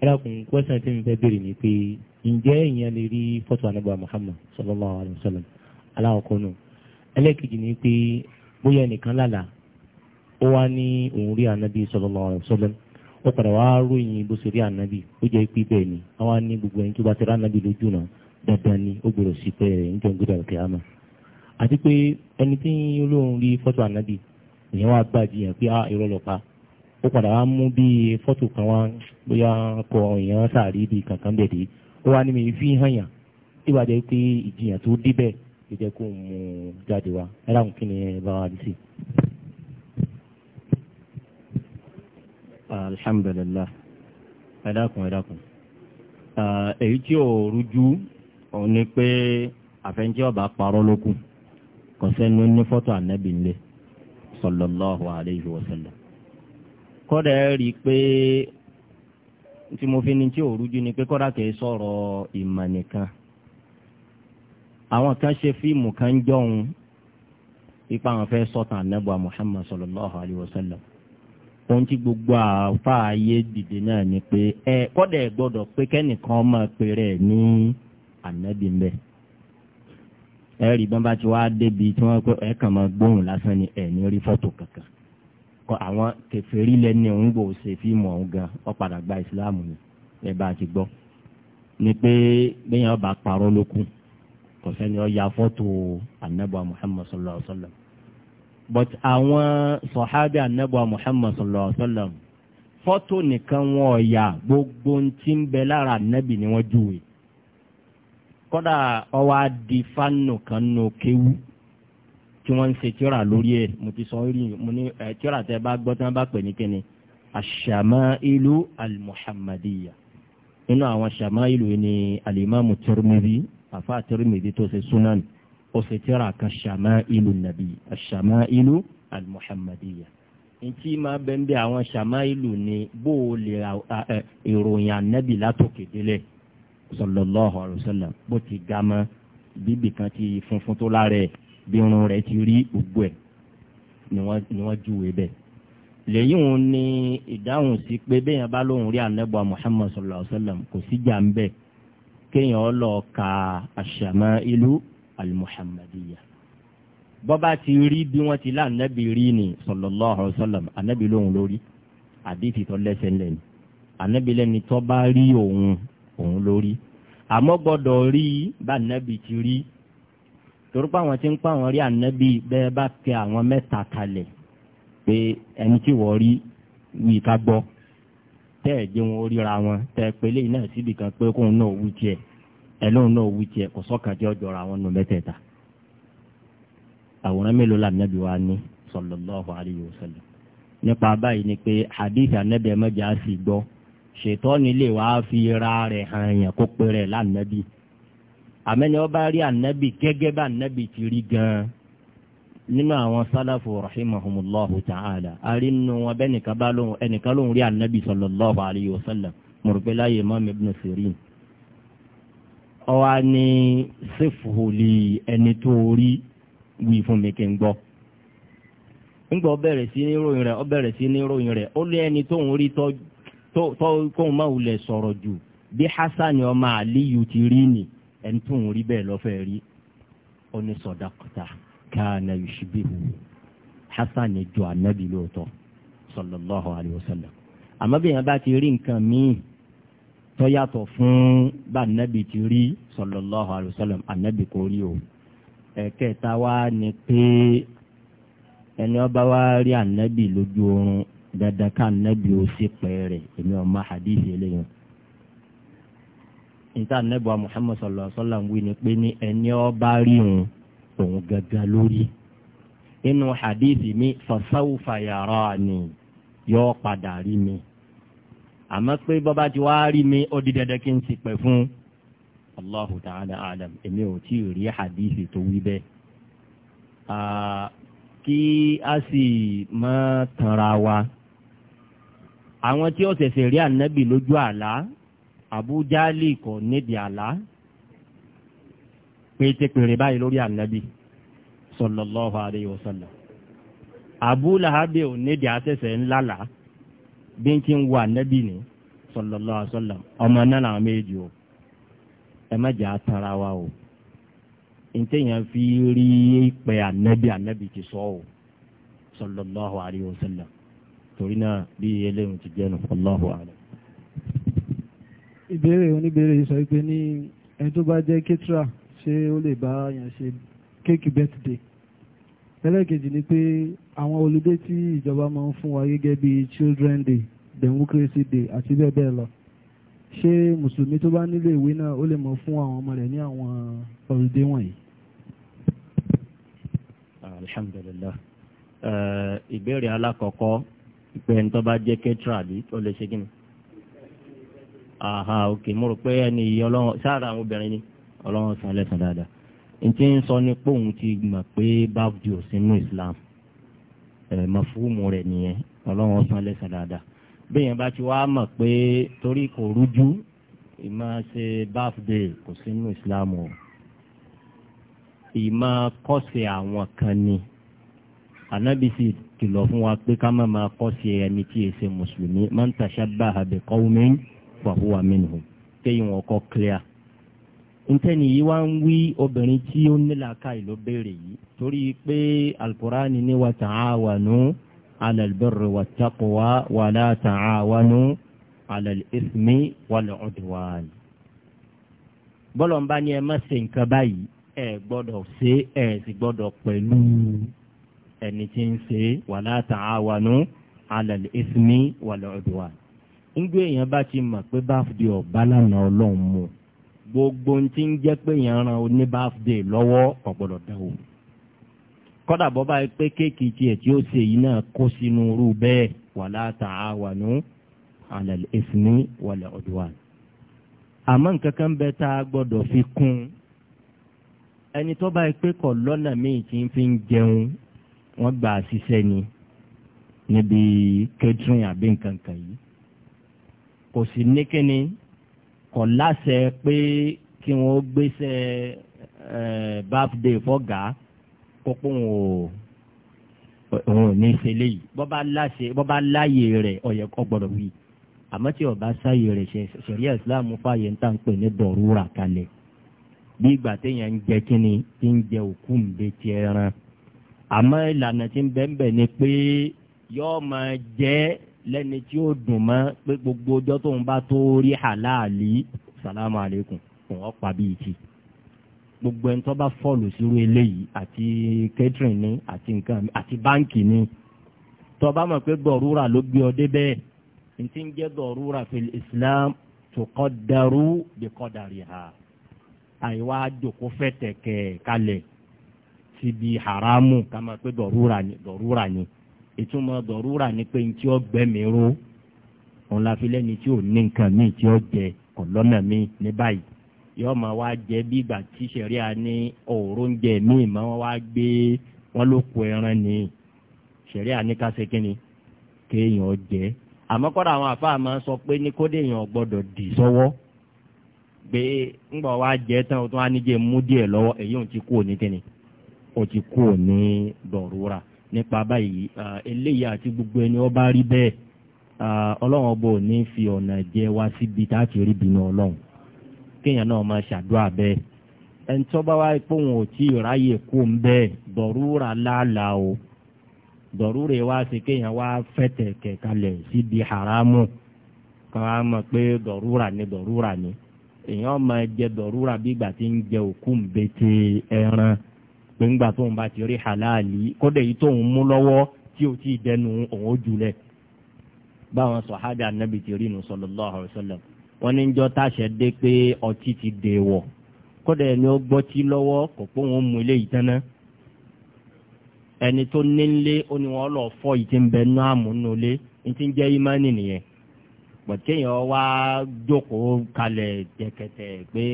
ẹ dákun kwẹ́sàn tí mi fẹ́ béèrè ni pé ǹjẹ́ èèyàn lè rí fọ́tò ànábì Muhammad sallallahu alayhi wa sallam aláwọ̀kọ́ nù ẹlẹ́ẹ̀kejì ni pé bóyá ẹnìkan lálàá ó wá ní òun rí ànábì sallallahu alayhi wa sallam ó padà wá ròyìn bó ṣe rí ànábì ó jẹ́ pé bẹ́ẹ̀ ni àwa ní gbogbo ẹni tó bá ti rí ànábì lójú náà dandan ni ó gbọ́dọ̀ sí pẹ́ rẹ̀ níjọ́ gbọ́dọ̀ kíámà àti pé ẹni tí olóhùn rí fọ́tò ànábì ìyẹn wá gbàjìyàn pé á ah, irọ́ lọ pa ó padà wá mú bí fọ́tò kan wá bóyá kọ ìyẹn sáà rí bí kankan bẹ̀ẹ́ ó wá ní mi fi hàn yàn ìbàjẹ́ pé ìjìyàn tó débẹ̀ ló jẹ́ kó mú un jáde wá ẹ dáhùn kí ni ẹ bá wà ní sí. alhamdulilah ẹ dákun ẹ dákun èyí tí ò rújú òun ni pé àfẹnjẹ́ ọba parọ́ lókun kò sẹ́nu ní fọ́tò ànábì ńlẹ̀ sallallahu alayhi wa sallam kọ́dà ẹ rí i pé tí mo fi ní tí ò rújú ni pé kọ́dà kìí sọ̀rọ̀ ìmọ̀ nìkan àwọn kan ṣe fíìmù kan jọ̀hún ipa àwọn fẹ́ sọ̀tàn anábọ̀ Muhammad sallallahu alayhi wa sallam ohun tí gbogbo àfa ayé dìde náà ni pé ẹ kọ́dà ẹ gbọ́dọ̀ pé kẹ́nìkan máa pè rẹ̀ ní ànábì mbẹ́ ẹ rí bọ́n bá ti wá débi tí wọ́n pẹ́ ẹ kàn máa gbóhùn lásán ni ẹ̀ ní rí fọ́tò kankan àwọn kẹfẹ́rí lẹ́ni òun gbò ṣe fíìmù ọ̀hún gan ọ padà gba ìsìláàmù ni ẹ bá ti gbọ́ ni pé bẹ́yẹn ọba parọ́ ló kù kò sẹ́ni ọ ya fọ́tò anábọ̀ Muhammad sallallahu alayhi wa sallam but àwọn sọ̀hábì anábọ̀ Muhammad sallallahu alayhi wa sallam fọ́tò nìkan wọn ọ̀yà gbogbo ti ń bẹ lára anábì ni wọ́n júwe kódà ọwọ́ adi fánù kan nù kéwú. No tí wọ́n ń ṣe tíra lórí ẹ̀ mo ti sọ rí mo ní tíra tẹ bá gbọ́ tí wọ́n bá pè ní kíni aṣàmáìlú alimuhammadiya nínú àwọn aṣàmáìlú ni alimami tirimidi afa tirimidi tó ṣe sunan ó ṣe tíra kan aṣàmáìlú nàbí aṣàmáìlú alimuhammadiya ntí máa bẹ́ẹ̀ bí àwọn aṣàmáìlú ni bó o lè ìròyìn ànábì látòkè délẹ̀ sallallahu alayhi wa sallam bó ti ga mọ́ bíbì kan ti funfun tó lára ẹ̀ bí irun rẹ̀ ti rí gbogbo ẹ̀ ni wọ́n júwe bẹ́ẹ̀. lẹ́yìn òun ni ìdáhùn sí pé bẹ́ẹ̀ yẹn bá lóun rí anábọ̀ muhammad sallallahu alayhi wa sallam kò síjà ń bẹ̀ kéèyàn lọ ka àṣàmà ìlú alimuhammadiya bọ́ba ti rí bí wọ́n ti lá ànábì rí ni sallallahu alayhi wa sallam ànábì lóun lórí àdìtì tó lẹ́sẹ̀ lẹ́nu ànábì lẹ́ni tó bá rí òun òun lórí àmọ́ gbọ́dọ̀ rí bá ànábì ti rí torí pé àwọn tí ń pa àwọn rí ànábì bẹ́ẹ̀ bá tẹ àwọn mẹ́ta kalẹ̀ pé ẹni tí wọ́n rí wí ká gbọ́ tẹ́ ẹ̀ jẹ́ wọn ríra wọn tẹ́ ẹ pé léyìn náà síbi kan pé kóun náà wú tiẹ̀ ẹ lóun náà wú tiẹ̀ kò sọ́kàn tí ó jọra àwọn nù mẹ́tẹ̀ẹ̀ta. àwòrán mélòó la ànábì wa ní sallallahu alayhi wa sallam nípa báyìí ni pé hadith ànábì ẹ̀ mẹ́jọ sì gbọ́ ṣètọ́ nílé wàá fi ra rẹ̀ hàn yàn kó pé rẹ̀ lánàbì. La àmẹ́ni ọba rí ànábì gẹ́gẹ́ bá ànábì ti rí gan-an nínú àwọn sálàfù rahimahumullahu ta'ala arínú wọn bẹ́nìkan bá lóhun ẹnìkan lóhun rí ànábì sallallahu alayhi wa sallam mùrùgbẹ́láyè mọ́mí ibn sirin ọwa ni sífòlì ẹni tó rí wí fún mi kí n gbọ́ ńgbọ́ bẹ̀rẹ̀ sí ní ròyìn rẹ̀ ọ bẹ̀rẹ̀ sí ní ròyìn rẹ̀ ó lé ẹni tóun rí tó kóun máa wulẹ̀ sọ̀rọ̀ jù bí hasan ọmọ àlíyù ti rí nìí ẹni tó ń rí bẹ́ẹ̀ lọ́fẹ́ rí ó ní káàna yushbihu hasan ju anabi lóòótọ́ sallallahu alayhi wa sallam àmọ́ bí yẹn bá ti rí nǹkan míì tó yàtọ̀ fún bá anabi ti rí sallallahu alayhi wa sallam anabi kò rí o ẹ̀kẹta wá ni pé ẹni ọba wa rí anabi lójú oorun dandan ká anabi ó sì pẹ́ rẹ̀ èmi ọ̀ máa hadithi eléyìí níta nẹ́bọ̀ Muhammad sọ̀lọ̀ sọ́là ń wí ni pé ní ẹni ọba rí òun òun gàgà lórí inú hadithi mi fasawfa yarani yóò padà rí mi àmọ́ pé bọ́bá ti wá rí mi ó di dandan kí n sì pẹ̀ fún Allahu ta'ala Adam, èmi ò tí ì rí hadithi tó wí bẹ́ẹ̀ kí a sì mọ́ tanra wa àwọn tí ó ṣẹ̀ṣẹ̀ rí ànábì lójú àlá àbújáàlì kò nídìí àlá pétépèrè báyìí lórí ànábì sallallahu alayhi wa sallam àbúlàhábì ò nídìí àṣẹṣẹ ńlálà bí n ti ń wo ànábì ni sallallahu alayhi wa sallam ọmọ náà làwọn méjì o ẹ má jẹ́ àtàrà wa o ntẹ̀yàn fi rí pé ànábì ànábì ti sọ o sallallahu alayhi wa sallam torí náà bí eléyìí ti jẹ́ nu Allahu a'lam ìbéèrè oníbéèrè sọ pé ní ẹni tó bá jẹ́ kétra ṣé ó lè bá yàn ṣe kéèkì birthday ẹlẹ́ẹ̀kejì ni pé àwọn olùdé tí ìjọba máa ń fún wa gẹ́gẹ́ bí children day democracy day àti bẹ́ẹ̀ bẹ́ẹ̀ lọ ṣé mùsùlùmí tó bá nílò ìwé náà ó lè mọ̀ fún àwọn ọmọ rẹ̀ ní àwọn olùdé wọ̀nyí. alhamdulillah ìbéèrè alákọ̀ọ́kọ́ pé ẹni tó bá jẹ́ kétra àbí ó lè ṣe kí ni àhà òkè mo rò pé ẹni yìí ọlọ́run sára àwọn obìnrin ni ọlọ́run san lẹ́sàn dáadáa n ti ń sọ ní póun ti gbà pé báfdì ò sínú Islam ẹ̀ mọ̀fúùmù rẹ̀ nìyẹn ọlọ́run san lẹ́sàn dáadáa bẹ́ẹ̀ bá ti wá mọ̀ pé torí kò rújú ìmọ̀ ṣe báfdì kò sínú Islam o ìmọ̀ kọ́sẹ̀ àwọn kan ni ànábì sì kìlọ̀ fún wa pé ká má máa kọ́sẹ̀ ẹni tí èsè mùsùlùmí man tashabbaha bi qawmin fàhùwà mìíràn kéyìn wọn kọ́ clear. ntẹ́ni yìí wá ń wí obìnrin tí ó nílà káì ló béèrè yìí torí pé alukurani ní wa tàáwánu alalbẹ̀rẹ̀ wa takuwa wàlá tàáwánu alalismi wàlẹ̀ ọ̀dùwàlì. bọ́lọ̀ ń bá ní ẹ má ṣe nǹkan báyìí ẹ gbọ́dọ̀ ṣe ẹ sì gbọ́dọ̀ pẹ̀lú ẹni tí ń ṣe wàlá tàáwánu alalismi wàlẹ̀ ọ̀dùwàlì ńgbé èèyàn bá ti mọ̀ pé báfdé ọ̀bá lánàá ọlọ́run mu gbogbo ohun tí ń jẹ́ pé èèyàn ran oní báfdé lọ́wọ́ ọ̀gbọ́dọ̀ dá o kọ́dà bọ́ báyìí pé kéèkì tiẹ̀ tí ó ṣe yìí náà kó sínú irú bẹ́ẹ̀ wà látà á wà nú àlẹ́ ìsinmi wàlẹ̀ ọ̀dùwà àmọ́ nǹkan kan bẹ tá a gbọ́dọ̀ fi kún ẹni tó báyìí pé kọ̀ lọ́nà míì tí fi ń jẹun wọ́n gbà á ṣiṣẹ́ ni níbi catering àbí nǹkan kan yìí kò sì ní kíni kò láṣẹ pé kí wọ́n gbéṣẹ́ birthday fọ́gà kópó wọn ò wọn ò ní ṣe léyìí bọ́ bá láṣẹ bọ́ bá láàyè rẹ̀ ọ̀yẹ̀ ọgbọ́dọ̀ wí àmọ́ tí ọba sáyè rẹ̀ ṣẹ̀ríà ìsìláàmù fààyè ń tà ń pè ní dọ̀rúra kalẹ̀ bí ìgbà téèyàn ń jẹ kíni tí ń jẹ òkú ǹdẹ ti ẹran àmọ́ ìlànà tí ń bẹ́ẹ̀ bẹ́ẹ̀ ni pé yọ́ọ́ máa jẹ́ lẹ́ni tí ó dùn mọ́ pé gbogbo ọjọ́ tó ń bá tó rí àláàlì sàlámù àlékún òun ọ̀pá bíi ti gbogbo ẹni tó bá fọ́ọ̀lù sírú eléyìí àti catering ni àti nǹkan àti báǹkì ni tó bá mọ̀ pé dọ̀rúrà ló gbé ọ débẹ̀ n ti ń jẹ́ dọ̀rúrà fil Islam tó kọ́ darú bí kọ́ darí ha àìwá àjòkó fẹ̀tẹ̀kẹ̀ kalẹ̀ síbi haramu ká mọ̀ pé dọ̀rúrà ni. ìtumọ̀ dọ̀rúrà ni pé ntí ọgbẹ́mi ró òun la fi lẹ́ni tí ò ní nǹkan míì tí ó jẹ kò lọ́nà ní báyìí yóò máa wá jẹ bí ìgbà tí sẹ̀ríà ní òòró ń jẹ ma máa wá gbé wọn ló kó ẹran ní sẹ̀ríà ní ká kínni kéèyàn jẹ àmọ́ kọ́dà àwọn àfáà máa ń sọ pé ní kódé èèyàn gbọ́dọ̀ dì sọ́wọ́ pé ńgbà wá jẹ tán o tún á níjẹ mú díẹ̀ lọ́wọ́ èyí ò ti kú òní kínni o ti kú òní dọ̀rúrà. nípa báyìí eléyìí àti gbogbo ẹni ọba rí bẹ́ẹ̀ ọlọ́run ọba ò ní fi ọ̀nà jẹ wá síbi tá a ti rí bínú ọlọ́run kéèyàn náà máa ṣàdúrà bẹ́ẹ̀ ẹni tó bá wá pé òun ò tí ì ráyè kó ń bẹ́ẹ̀ dọ̀rúra láàlàá o dọ̀rúra wá sí kéèyàn wá fẹ̀tẹ̀ kẹ̀kalẹ̀ síbi haramu kan á mọ̀ pé dọ̀rúra ni dọ̀rúra ni èèyàn máa jẹ dọ̀rúra bí ìgbà tí ń jẹ òkú ń bẹ́tẹ̀ ẹran pé ńgbà tóun bá ti rí halali kódà èyí tóun mú lọ́wọ́ tí o ti dẹnu òun ó julẹ̀ báwọn sọ̀hábì ànábì ti rí nu sallallahu alaihi wasallam wọ́n ní jọ́ táṣẹ dé pé ọtí ti dèèwọ̀ kódà ẹni ó gbọ́tí lọ́wọ́ kò pé òun mú ilé yìí tán ẹni tó nílé ó ní wọn lọ fọ ìtì ń bẹ nú àmúnulé ní ti nìyẹn pọ̀tẹ́yìn wa jókòó kalẹ̀ jẹ̀kẹ̀tẹ̀ pé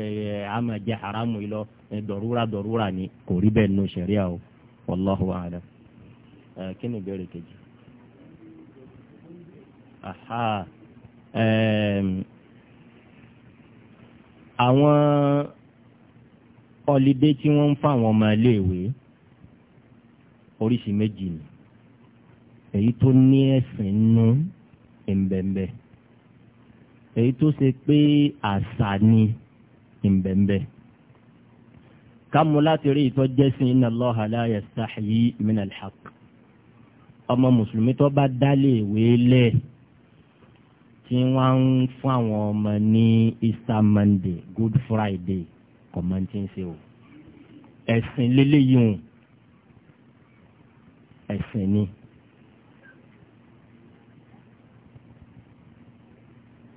ẹ̀ àmà jẹ́ haramu yìí lọ dọ̀rúra dọ̀rúra ni kò rí bẹ́ẹ̀ nù sẹ̀ríà o wàláhu àdá kí ni ìbéèrè kejì. àwọn ọ̀lídé tí wọ́n ń fáwọn ọmọ iléèwé oríṣi méjì ni èyí tó ní ẹ̀sìn nú èyí tó ṣe pé àṣà ni ìbẹ̀ǹbẹ̀ kámo láti rí ìtọ́jẹ́sìn inna Allaha la yastahyi min al-haqq ọmọ mùsùlùmí tó bá dálé ìwé lẹ̀ tí wọ́n ń fún àwọn ọmọ ní Easter Monday Good Friday kọ̀mọ́ntínsì o ẹ̀sìn lélẹ́yìn o ẹ̀sìn ni.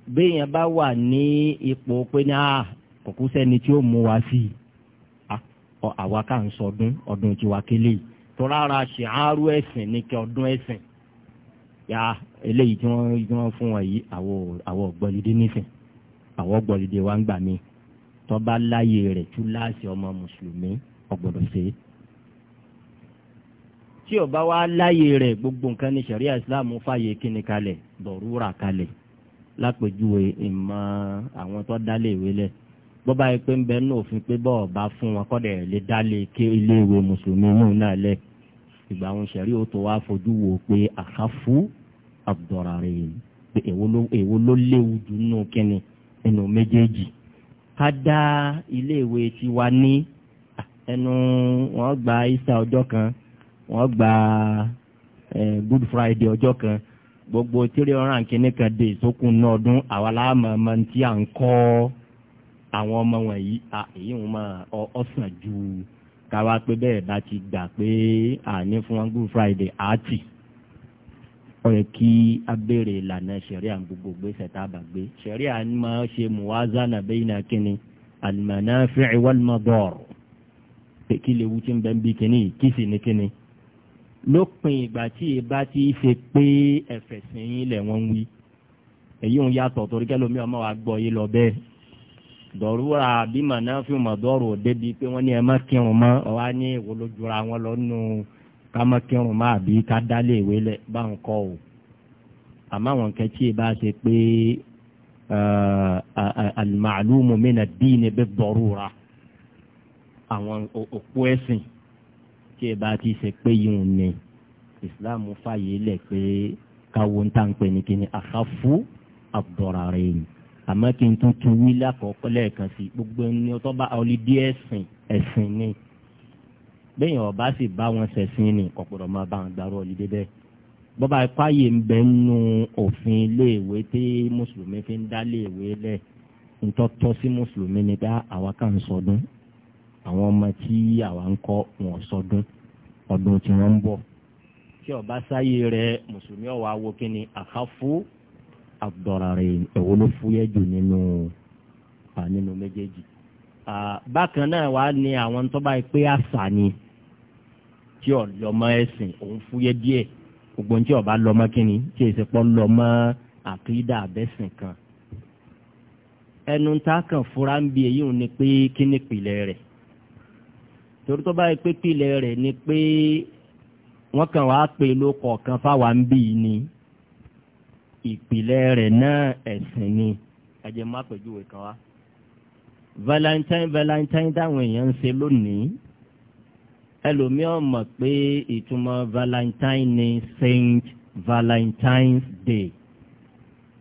béèyàn bá wà ní ipò pé ní a ah, kò kú sẹ́ni tí ó mú wa sí i ah, àwa ká ń sọdún ọdún tiwa kélé tó rárá ṣe àárú ẹ̀sìn ní kí ọdún ẹ̀sìn ya eléyìí tí wọ́n tí wọ́n fún wọn yìí àwọn àwọn ọ̀gbọ́lidé nísìn àwọn ọ̀gbọ́lidé wa ń gbà mí tọ́ba láyé rẹ̀ tú láàṣì ọmọ mùsùlùmí ọ̀gbọ́dọ̀ ṣe é tí ọba wa láyé rẹ̀ gbogbo nǹkan ní ṣẹ̀ríà ìsìláàmù fàyè kíni kalẹ̀ dọ̀rúra kalẹ̀ lápèjúwe ìmọ̀ àwọn tó dálé ìwé lẹ̀ bọ́ba yìí pé ń bẹ ní òfin pé bọ́ọ̀ bá fún wọn kọ́dẹ̀ lè dálé ké ilé ìwé mùsùlùmí yóò náà lẹ̀ ìgbà àwọn sẹ̀rí ó tó wá fojú wo pé àkàfù àbùdọ̀ràrè pé èwo ló léwu jù nínú nínú méjèèjì ká dá ilé ìwé tiwa ní ẹnu wọn gba isa ọjọ́ kan wọn gba eh, good friday ọjọ́ kan gbogbo tírí ọ̀ràn kìíní kan dé ìsókun náà ọdún àwa láàmà máa ń tí à ń kọ́ àwọn ọmọ wọ̀nyí èyí ń máa ọ̀sán ju káwa pé bẹ́ẹ̀ bá ti gbà pé àní fún wọn good friday àátì ó yẹ kí abéèrè ìlànà sẹ̀ríà gbogbo gbèsè tá a bà gbé sẹ̀ríà máa ṣe muwazana bẹ́yìn náà kìíní alimanafi wal madar pé kí lè wú tí ń bẹ́ ń bí kìíní kí sì ní kìíní lópin ìgbà tí ìbá ti ṣe pé ẹ̀fẹ̀ sìn lẹ̀ wọ́n ń wí èyí ń yàtọ̀ torí kẹ́lómi ọmọ wa gbọ́ yé lọ bẹ́ẹ̀ dọ̀rúwà bímọ náà fi mọ̀ dọ́rọ̀ débi pé wọ́n ní ẹ má kírun mọ́ ọ̀wá ní ìwò ló jura wọn lọ nù ká má kírun mọ́ àbí ká dálé ìwé lẹ̀ bá ń kọ́ o àmọ́ àwọn nǹkan tí ìbá ṣe pé al-ma'lumu min ad-din bi-d-darura àwọn òpó ẹ̀sìn tí ẹ bá ti ṣe pé yìí ni islam fàyè lẹ̀ pé káwo ń tàn pé ní kíni àkàfù àbọ̀ràrẹ̀ yìí àmọ́ kí n tún tún wí lákọ̀ọ́kọ́ lẹ́ẹ̀kan sí gbogbo ní ọtọ́ bá ọlídé ẹ̀sìn ẹ̀sìn ni bẹ́ẹ̀ ọba sì bá wọn ṣẹ̀sìn ni ọ̀pọ̀lọpọ̀ máa bá wọn gbàrú ọlídé bẹ́ẹ̀ bọ́ba ipáyè ń bẹ nínú òfin iléèwé tí mùsùlùmí fi ń dá iléèwé lẹ̀ ń tọ́tọ́ sí mùsùlùmí ni pé ah, àwa kà ń sọdún àwọn ọmọ tí àwa ń kọ́ wọn sọdún ọdún tí wọ́n ń bọ̀ tí ọba sáyé rẹ mùsùlùmí ọ̀wá wo kí ni àkáfó àbọ̀ràrẹ̀ ẹ̀wọ́ ló fúyẹ́ jù nínú nínú méjèèjì. bákan náà wàá ní àwọn tó bá pé àṣà ni tí ọlọmọ ẹ̀sìn òun fúyẹ́ díẹ̀ gbogbo tí ọba lọmọ kínní tí èsì pọ́ lọmọ àkídà àbẹ́sìn kan. ẹnu tá a fura ń bi èyí ò ní pé kí ni ìpìlẹ̀ torí tó báyìí pé pilẹ̀ rẹ̀ ni pé wọ́n kàn wá pé ló kọ̀ọ̀kan fáwa ń bì í ni ìpìlẹ̀ rẹ̀ náà ẹ̀sìn ni ẹ̀jẹ̀ má pèjúwe kan wá. valentine valentine táwọn èèyàn ń ṣe lónìí ẹlòmíràn mọ̀ pé ìtumọ̀ valentine ni saint valentine's day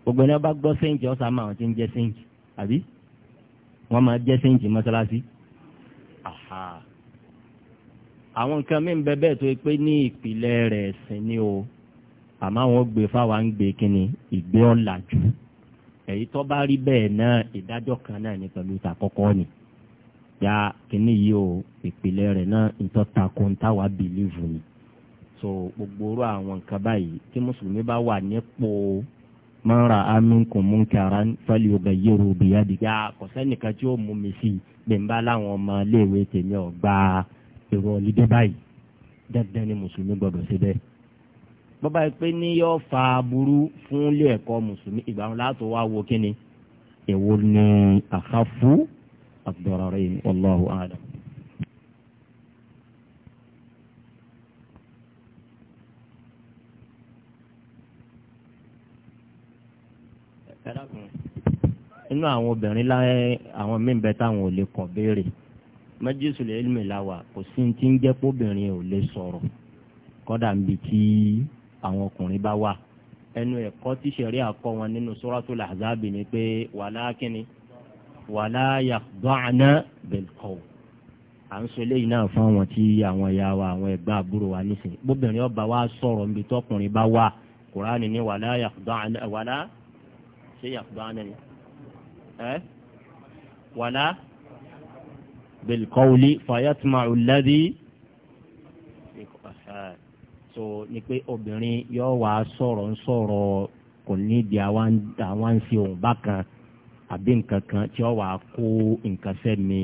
gbogbo ẹni ọba gbọ́ saint ọ̀sán máa ti ń jẹ́ saint àbí wọ́n máa jẹ́ saint mọ́sálásí. Aha àwọn nǹkan mí bẹ bẹ́ẹ̀ tó yẹ pé ní ìpìlẹ̀ rẹ̀ ẹ̀sìn ni o àmọ́ àwọn gbé fáwọn ń gbé kínni ìgbé ọ̀làjú èyí tó bá rí bẹ́ẹ̀ náà ìdájọ́ kan náà ní pẹ̀lú ìtàkọ́kọ́ ni ya kínní yìí o ìpìlẹ̀ rẹ̀ náà ìtọ́ tako ń táwa bìlíìfù ni so gbogbo orú àwọn nǹkan báyìí tí mùsùlùmí bá wà nípò mọ́ra amínkùn múnkàrá fẹ́lẹ́ ọgbà yẹ̀rù bìyà dìgbà kọ̀sẹ́nìkan tí ó mú mi sí gbẹ̀ǹbá láwọn ọmọ iléèwé tèmi ọ̀gbà èrò ọ̀lídé báyìí dandan ni mùsùlùmí gbọdọ̀ ṣe bẹ́ẹ̀. bọ́bá yìí pé ní yóò fa aburú fún ilé ẹ̀kọ́ mùsùlùmí ìgbà wọn láti wá wo kíni èwo ni àkàfù ad-dararain wallahu a'lam. inú àwọn obìnrin láyé àwọn bẹ táwọn ò lè kọ béèrè majlisul ilmi làwà kò sí ti ń jẹ́ kóbìnrin ò lè sọ̀rọ̀ kọ́dà ń bi tí àwọn ọkùnrin bá wà ẹnu ẹ̀kọ́ tí sẹ̀rí àkọ́ wọn nínú suratul ahzab ni pé wàlá kínní wàlá yakhda'na bil qawl à ń sọ eléyìí náà fún àwọn tí àwọn ìyá wa àwọn ẹ̀gbọ́n àbúrò wa nísìn bóbìnrin ọba wa sọ̀rọ̀ níbi tọkùnrin bá wà kùránì ní wàlá yakhda'na wàlá ṣé yakhda'na ni ẹ wàlá bilkọ́wulí fayatma ulẹ́dí so ni pé obìnrin yóò wá sọ̀rọ̀ ń sọ̀rọ̀ kò ní di àwọn ń fi òun bákan àbí nǹkan kan tí ó wàá kó nǹkan sẹ́mi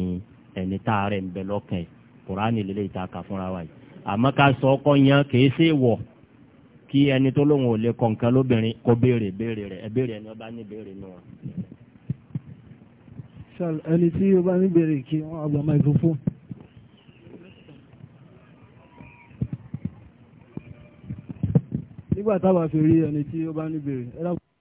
ẹni tá a rẹ̀ ń bẹ lọ́kàn ẹ̀ kùránì lélẹ́yìí tá a kà fúnra wa yìí àmọ́ ká sọ ọkọ yan kìí ṣe wọ̀ kí ẹni tó lóun ò lè kọ̀ǹkan lóbìnrin kó béèrè béèrè rẹ̀ ẹ béèrè ẹni ọba ní béèrè nù ṣàl ẹni tí ó bá níbèrè kí wọ́n àgbà microphone. nígbà táwa fi rí ẹni tí ó bá níbèrè